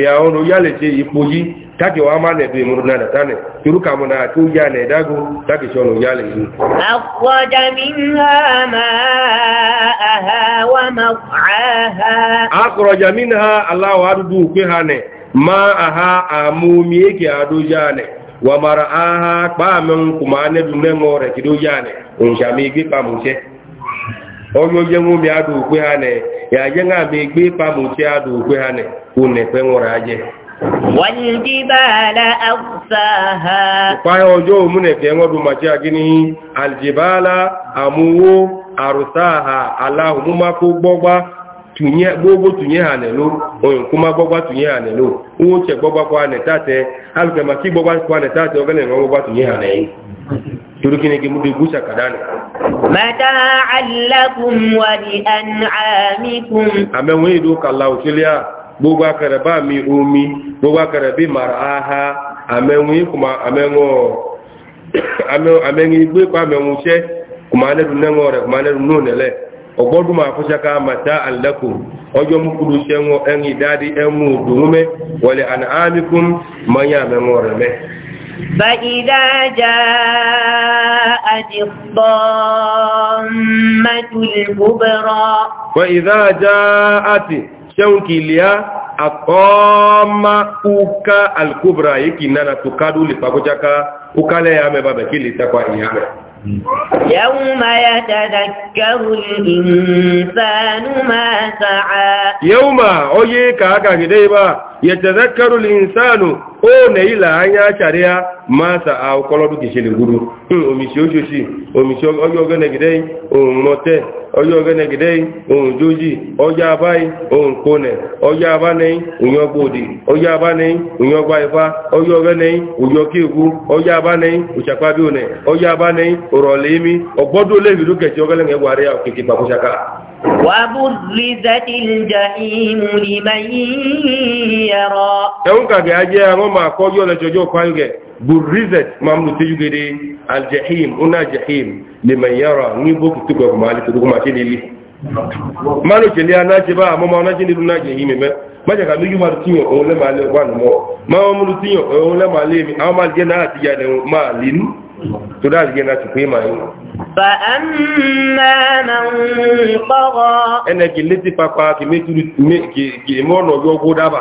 Speaker 1: ìyàwó ló yálẹ̀ ṣe ipò yìí táàkì wà máa nẹ̀bẹ̀ ìmúrù náà dátánẹ̀ torúkà mọ̀ náà tó yà nẹ̀ dágó táàkì ṣọ́nà yálẹ̀ yìí.
Speaker 3: àkọjá mi ń ha máa wà máa ha.
Speaker 1: àkọrọjà mi ń ha aláwọ̀ adúgbò pé ha nẹ̀ máa ha àmúmi èkè àdó yà nẹ̀ wà mara ha pàmò kùmà nẹ́bí mẹ́mọ́ rẹ̀ kìdó yà nẹ̀ òǹṣàmì gbé pàmò onye oje nwe okwe ha ne ya je na ama egbe ịkpa mochi adụ okwe ha ne une kwe nwụrụ aje ụkpanya ọjọọ omuneke enwedu machi aginihi aljibala amụwo arụsa ha ala ahụmụmaka gbọgba tunye gbogbo tunye ha n'elu. onye nkuma gbọgba tunye ha n'elu nelo uche gbọgbakwa netate alụkwe maka ịgbọgbakwa netate ogene nwe gbọgba tunye ha neyi turu kineke mụdụ gwucha kadani
Speaker 3: متاعا لكم ولأنعامكم
Speaker 1: أما ويدوك الله تليا gbogbo akẹrẹ bá mi omi gbogbo akẹrẹ mara aha amẹ́wọ̀n kùmà amẹ́wọ̀n igbé pa amẹ́wọ̀n iṣẹ́ kùmà anẹ́dùn amenwe rẹ̀ kùmà kuma náà nẹ̀lẹ̀ ọgbọ́dún máa fún ṣaka ọjọ́ múkúrú ṣẹ́wọ̀n ẹni dáadé ẹmú òdòmúmẹ́ wọlé àná mọ́yá amẹ́wọ̀n rẹ̀ mẹ́
Speaker 3: فإذا جاءت الضامة الكبرى
Speaker 1: وإذا جاءت شوكي ليا atoma uka alkubra yiki nana tukadu lipakojaka ukale yame baba kili
Speaker 3: يوم يتذكر الإنسان ما سعى
Speaker 1: يوم أويك أكاك ديبا yẹtẹ̀zẹ́kẹ́rù lè ń sáànù ó nẹ̀ ilẹ̀ anya ṣàrí a máa sa àkọlọ́dù kìṣẹ̀lẹ̀ gúrú omìṣẹ́ oṣooṣì omìṣẹ́ ọjọ́ ọgẹ́nẹ̀gẹ́dẹ́ ohun mọ́tẹ́ ọjọ́ ọgẹ́nẹ̀gẹ́dẹ́ ohun jójì ọjọ́ abáyí ohun kónẹ̀ ọjọ́ abánẹ́yìn òyìnbóòdì ọjọ́ abánẹ́yìn òyìnbá ifá ọjọ́ ole òyìnbókèkú ọjọ́ na òṣàpábíọ̀nẹ̀ ọjọ́ abánẹ́yìn
Speaker 3: وبرزت الجحيم لمن
Speaker 1: ẹ̀hún kàgẹ̀ ajẹ́ àwọn máa kọ́ yọ́ lẹ́jọjọ́ pàáyọ̀gẹ̀ burrizet mamlu tí yúgede aljahim una jahim liman yara ní bókù tó gbẹ̀kùn máa lè tó gbogbo máa ṣe lélẹ̀ máa lò jẹ́lé anájẹ́ bá àmọ́ máa nájẹ́ nínú náà jẹ̀hí mẹ́mẹ́ májàkà ló yúmọ̀ tíyàn òun lẹ́màá lẹ́wà nù mọ́ máa mú tíyàn òun lẹ́màá lẹ́mi àwọn máa jẹ́ náà àtijọ́ to da gina ci kai mai
Speaker 3: fa amma man qara
Speaker 1: ene ki liti papa ki meturu ki ki mo no yo go da ba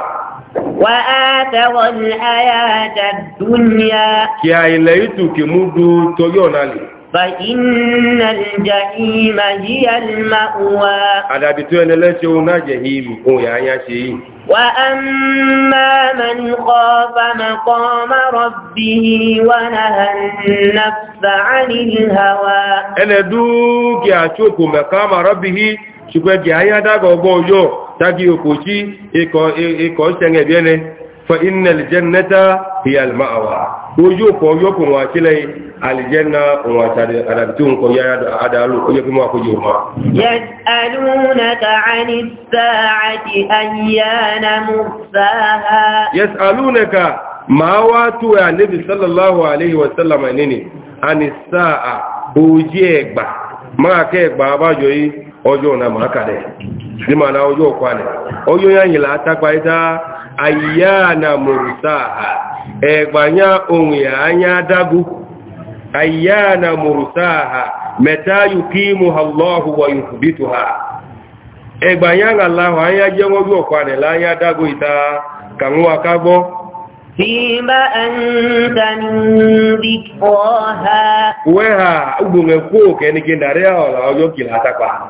Speaker 3: wa atawa al hayata dunya
Speaker 1: ki ay laitu ki mudu to yo nali
Speaker 3: fa innal jahima hiya al ma'wa
Speaker 1: ada bitu ene le se o na jahim o ya ya se yi
Speaker 3: وأما من خاف مقام ربه ونهى النفس عن الهوى
Speaker 1: أنا دوك يا شوكو مقام ربه شوكو يا يا داغو بوجو تاكي يوكوشي إيكو إيكو شنغ بيانه فإن الجنة هي المأوى وجوك وجوك واشلي الجنة واشلتون يدعو يكما وجوما
Speaker 3: يسألونك عن الساعة أيان مرساها
Speaker 1: يسألونك ما واتوا يا النبي صلى الله عليه وسلم نيني عن الساعة وجيك ما كيك بابا جوي ojo na makare ni mana ojo kwane ojo yan yi la ta pa ita ayyana mursaha egbanya onwe anya dagu ayyana mursaha meta yuqimu Allahu wa yuthbituha egbanya Allah anya je nwo bi okwane la anya dagu ita kanwa kagbo Fima anta min
Speaker 3: dhikroha
Speaker 1: Weha ugunge kuo kenike ndare ya ola ojo kila atakwa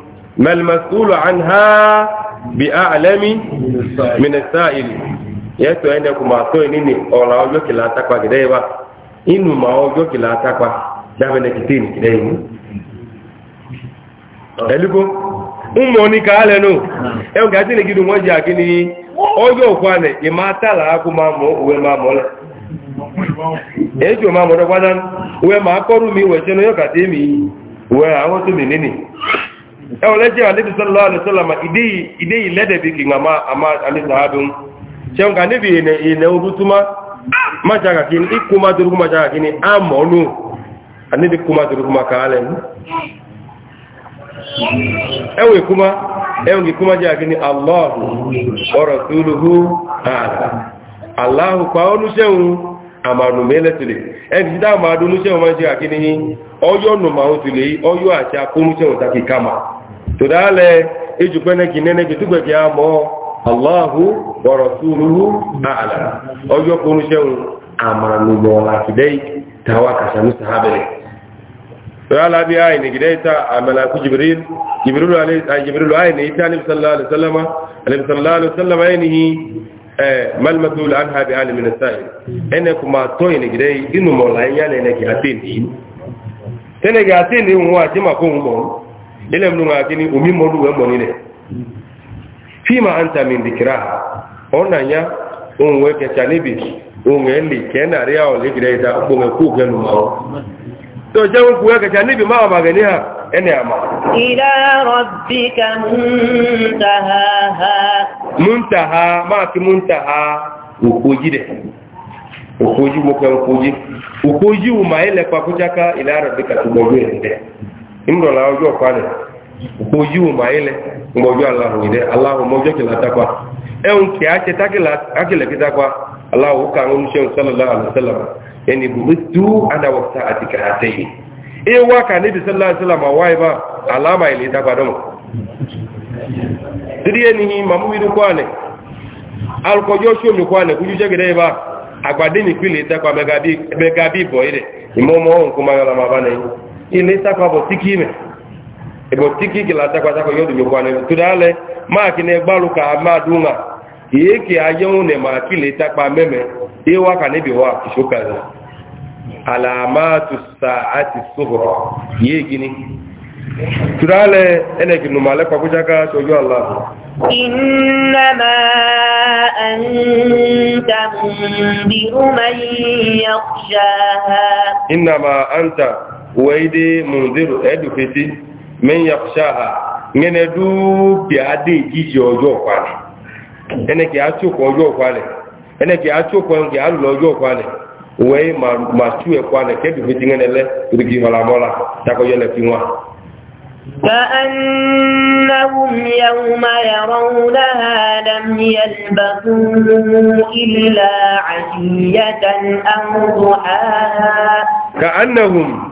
Speaker 1: ما المسؤول عنها بأعلم من السائل yẹtọ ẹni ẹkùnmọ àtọ ìnínì ọ̀la ọjọ́ kìlá atakpa gẹ̀dẹ́ wa inú ma ọjọ́ kìlá atakpa ka kìtẹ́ ìnì gẹ̀dẹ́ yìí ẹ̀lúgbó ń mọ̀ ní káàlẹ̀ nù ẹ̀hùn gàtí ní gídùn wọ́n jẹ́ àkíní ọjọ́ òkú àlẹ̀ ìmá tààlà akú máa mọ̀ òwe máa uwe ma ụmụ iwe chenu ẹwọlẹ́jẹ́ àníbi ka àlẹ́sọ́lọ́mà ìdé ìlẹ́dẹ̀bí kì ń àmà àníṣàábìn ṣeun kà níbi ìnẹ̀ orútúmá májàkàkí ní kúmá torúkú májàkàkí ma àmọ́nù àníbi kúmá torúkú makàálẹ̀ ẹwọ ìkúmá ẹwọ ìkúmá jàkàkí ní aláhù ọ̀rọ̀ tóluhù ààlà aláhù pa olúṣẹ́hun àmànù mẹ́lẹ́tìlẹ̀ ẹni dá àmàdúnúṣẹ́hun májàkàkí ní ọyọ́ nùmà kama tòdálẹ̀ ejùpẹ́nẹ́kì nẹ́nẹ́kì túgbẹ̀kì àmọ́ aláhù bọ̀rọ̀ túrúrú ààlà ọjọ́ kúrúṣẹ́hun àmàlùmọ̀ àkìdẹ́ tàwa kàṣàmú sàábẹ̀rẹ̀ tòdálàbí àìnìgìdẹ́ ìta àmàlàkú jìbìrìlù àìní ìta níbi sallallahu alaihi wasallam ainihi e, mal masul an habi ali min sa'il ene kuma to ene gidai inu mo la e yale ne ki atin din tene ga atin din wa ti ma ko mo ile mnu akini umi modu we monile fima anta min dhikra onanya onwe ke chanibi onwe li kena ria o ligre da bonge ku gelu mao to jawu ku ke chanibi ma ma gani ha ene ama
Speaker 3: ila rabbika muntaha
Speaker 1: muntaha ma ki muntaha ukujide ukuji mo ke ukuji ukuji uma ile kwa kutaka ila rabbika tubogwe nde imrola ọjọ́ kwalẹ̀ ojú ma ilẹ̀ mgbọ́jọ́ aláhùn ilẹ̀ aláhùn mọ́jọ́ kìlá takwa ẹun kì á ṣe tákìlẹ̀ kí a aláhùn ká ń ṣe sọ́lọ́lá alẹ́sẹ́lẹ̀ ẹni bùbí tú adáwọ̀ta àti kàátẹ́yìn iye wá ká níbi sọ́lọ́lá alẹ́sẹ́lẹ̀ ma ba ma. aláma takwa dọ́mọ̀ tírí ẹni takwa ile takwa bo bụ e bo tiki ki la takwa takwa yodu yo kwane tu dale ma ka ma dunga ye ki ayo ne ma ki le takwa meme e wa ka ne bi wa shoka za alamatu sa'ati sughra ye إنما أنت
Speaker 3: منذر من يخشاها
Speaker 1: إنما أنت waide munziru edufeti min yakshaha ngene du piade jiji ojo kwale ene ki achuko ojo kwale ene ki achuko ngi alu ojo kwale we ma ma chue kwale kedu fiti ngene le rigi mala mola tako yele kinwa
Speaker 3: كأنهم يوم يرونها لم يلبثوا إلا عشية أو ضحاها
Speaker 1: كأنهم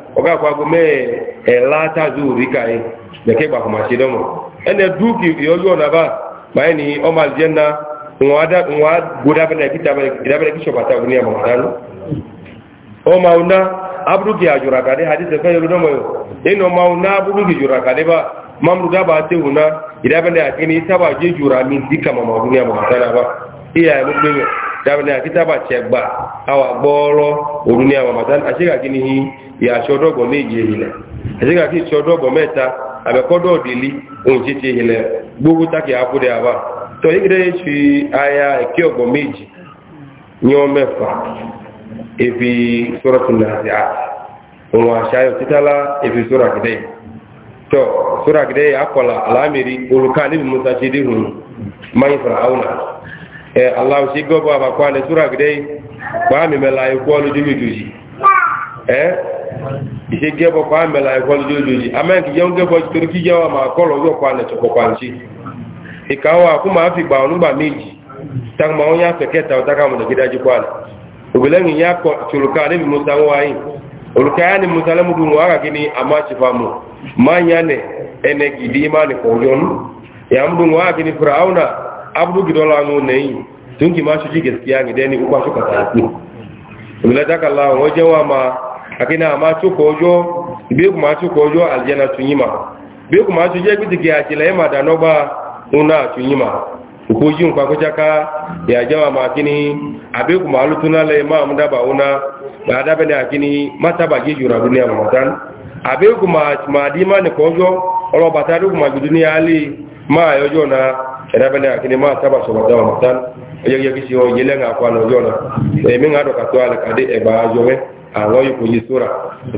Speaker 1: ọ̀gá àpapọ̀ mẹ́ẹ̀ ẹ̀lá tàbí òrí káyé lẹ́kẹ́ gbà kọmà ṣe dọ́mọ̀ ẹnẹ dúkì ìyọjú ọ̀nà bá báyìí ni ọmọ àlùjẹ́nà wọn á gbódà bẹ́ẹ̀ ìdábẹ́lẹ́ kí ṣọ̀bàtà òní àmọ̀ ọ̀dánú ọmọ ọ̀nà abúrúkì sefe àdìsẹ̀ fẹ́ yorùdọ́ mamuru dabini akitaba cɛgba awa gbɔɔrɔ olu ni awa mata a se ka kini hi ya sɔ dɔ gɔ meje hilɛ a se ka ki sɔ dɔ gɔ mɛta a bɛ kɔ dɔ deli ohun gbogbo si aya eke ɔgɔ meji nyɔ mɛfa efi sɔrɔ tunu ati a ohun asa yɔ titala efi sɔrɔ akidɛ tɔ sɔrɔ akidɛ akɔla alamiri oluka ne bi musa se de hun Eh, Allah si gobo aba kwa le sura gidei kwa mi mela ikwa e lu juju juji eh ise gebo kwa mela ikwa e lu juju juji ama ki yon gebo tori ki jawa ma kolo yo kwa le choko kwa nchi ikawa e kuma afi gba onu gba meji tan kwa le ugulengi ni musa wai ulukani musa le mudu wa kini ama chifamu manyane ene gidima ni koyon ya mudu wa kini abudu gidola no nei tun ki ma shi gaskiya ne dai ni uba shi tafi bila daga Allah wajen wa ma akina ma ci ko jo be kuma ci ko jo aljanna tun yima be kuma ci je gidi ya ci lai ma da no ba una tun yima ko ji un ko jaka ya jawa ma kini abe kuma alutuna lai ma amda ba una ba da bane akini mata ba ji jura duniya ma tan abe kuma ma di ma ne ko jo oro batari kuma duniya ali máa yọjọ́ na ẹ̀rẹ́bẹ̀lẹ̀ àkíní máa sábà sọ̀rọ̀ dáwọn mọ̀tán ẹyẹ́gẹ́gẹ́ sí ọ yẹlẹ́ ń àkọ́ àná ọjọ́ na ẹ̀mí ń àdọ̀kàtọ́ àlẹ́kàdé ẹ̀bà ajọ́wẹ́ أعوي سورة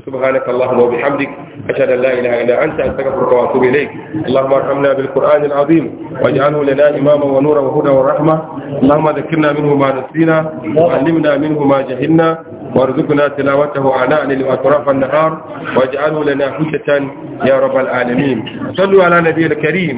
Speaker 1: سبحانك اللهم وبحمدك أشهد أن لا إله إلا أنت أستغفرك وأتوب إليك اللهم ارحمنا بالقرآن العظيم واجعله لنا إماما ونورا وهدى ورحمة اللهم ذكرنا منه ما نسينا وعلمنا منه ما جهلنا وارزقنا تلاوته الليل وأطراف النهار واجعله لنا حجة يا رب العالمين صلوا على نبي الكريم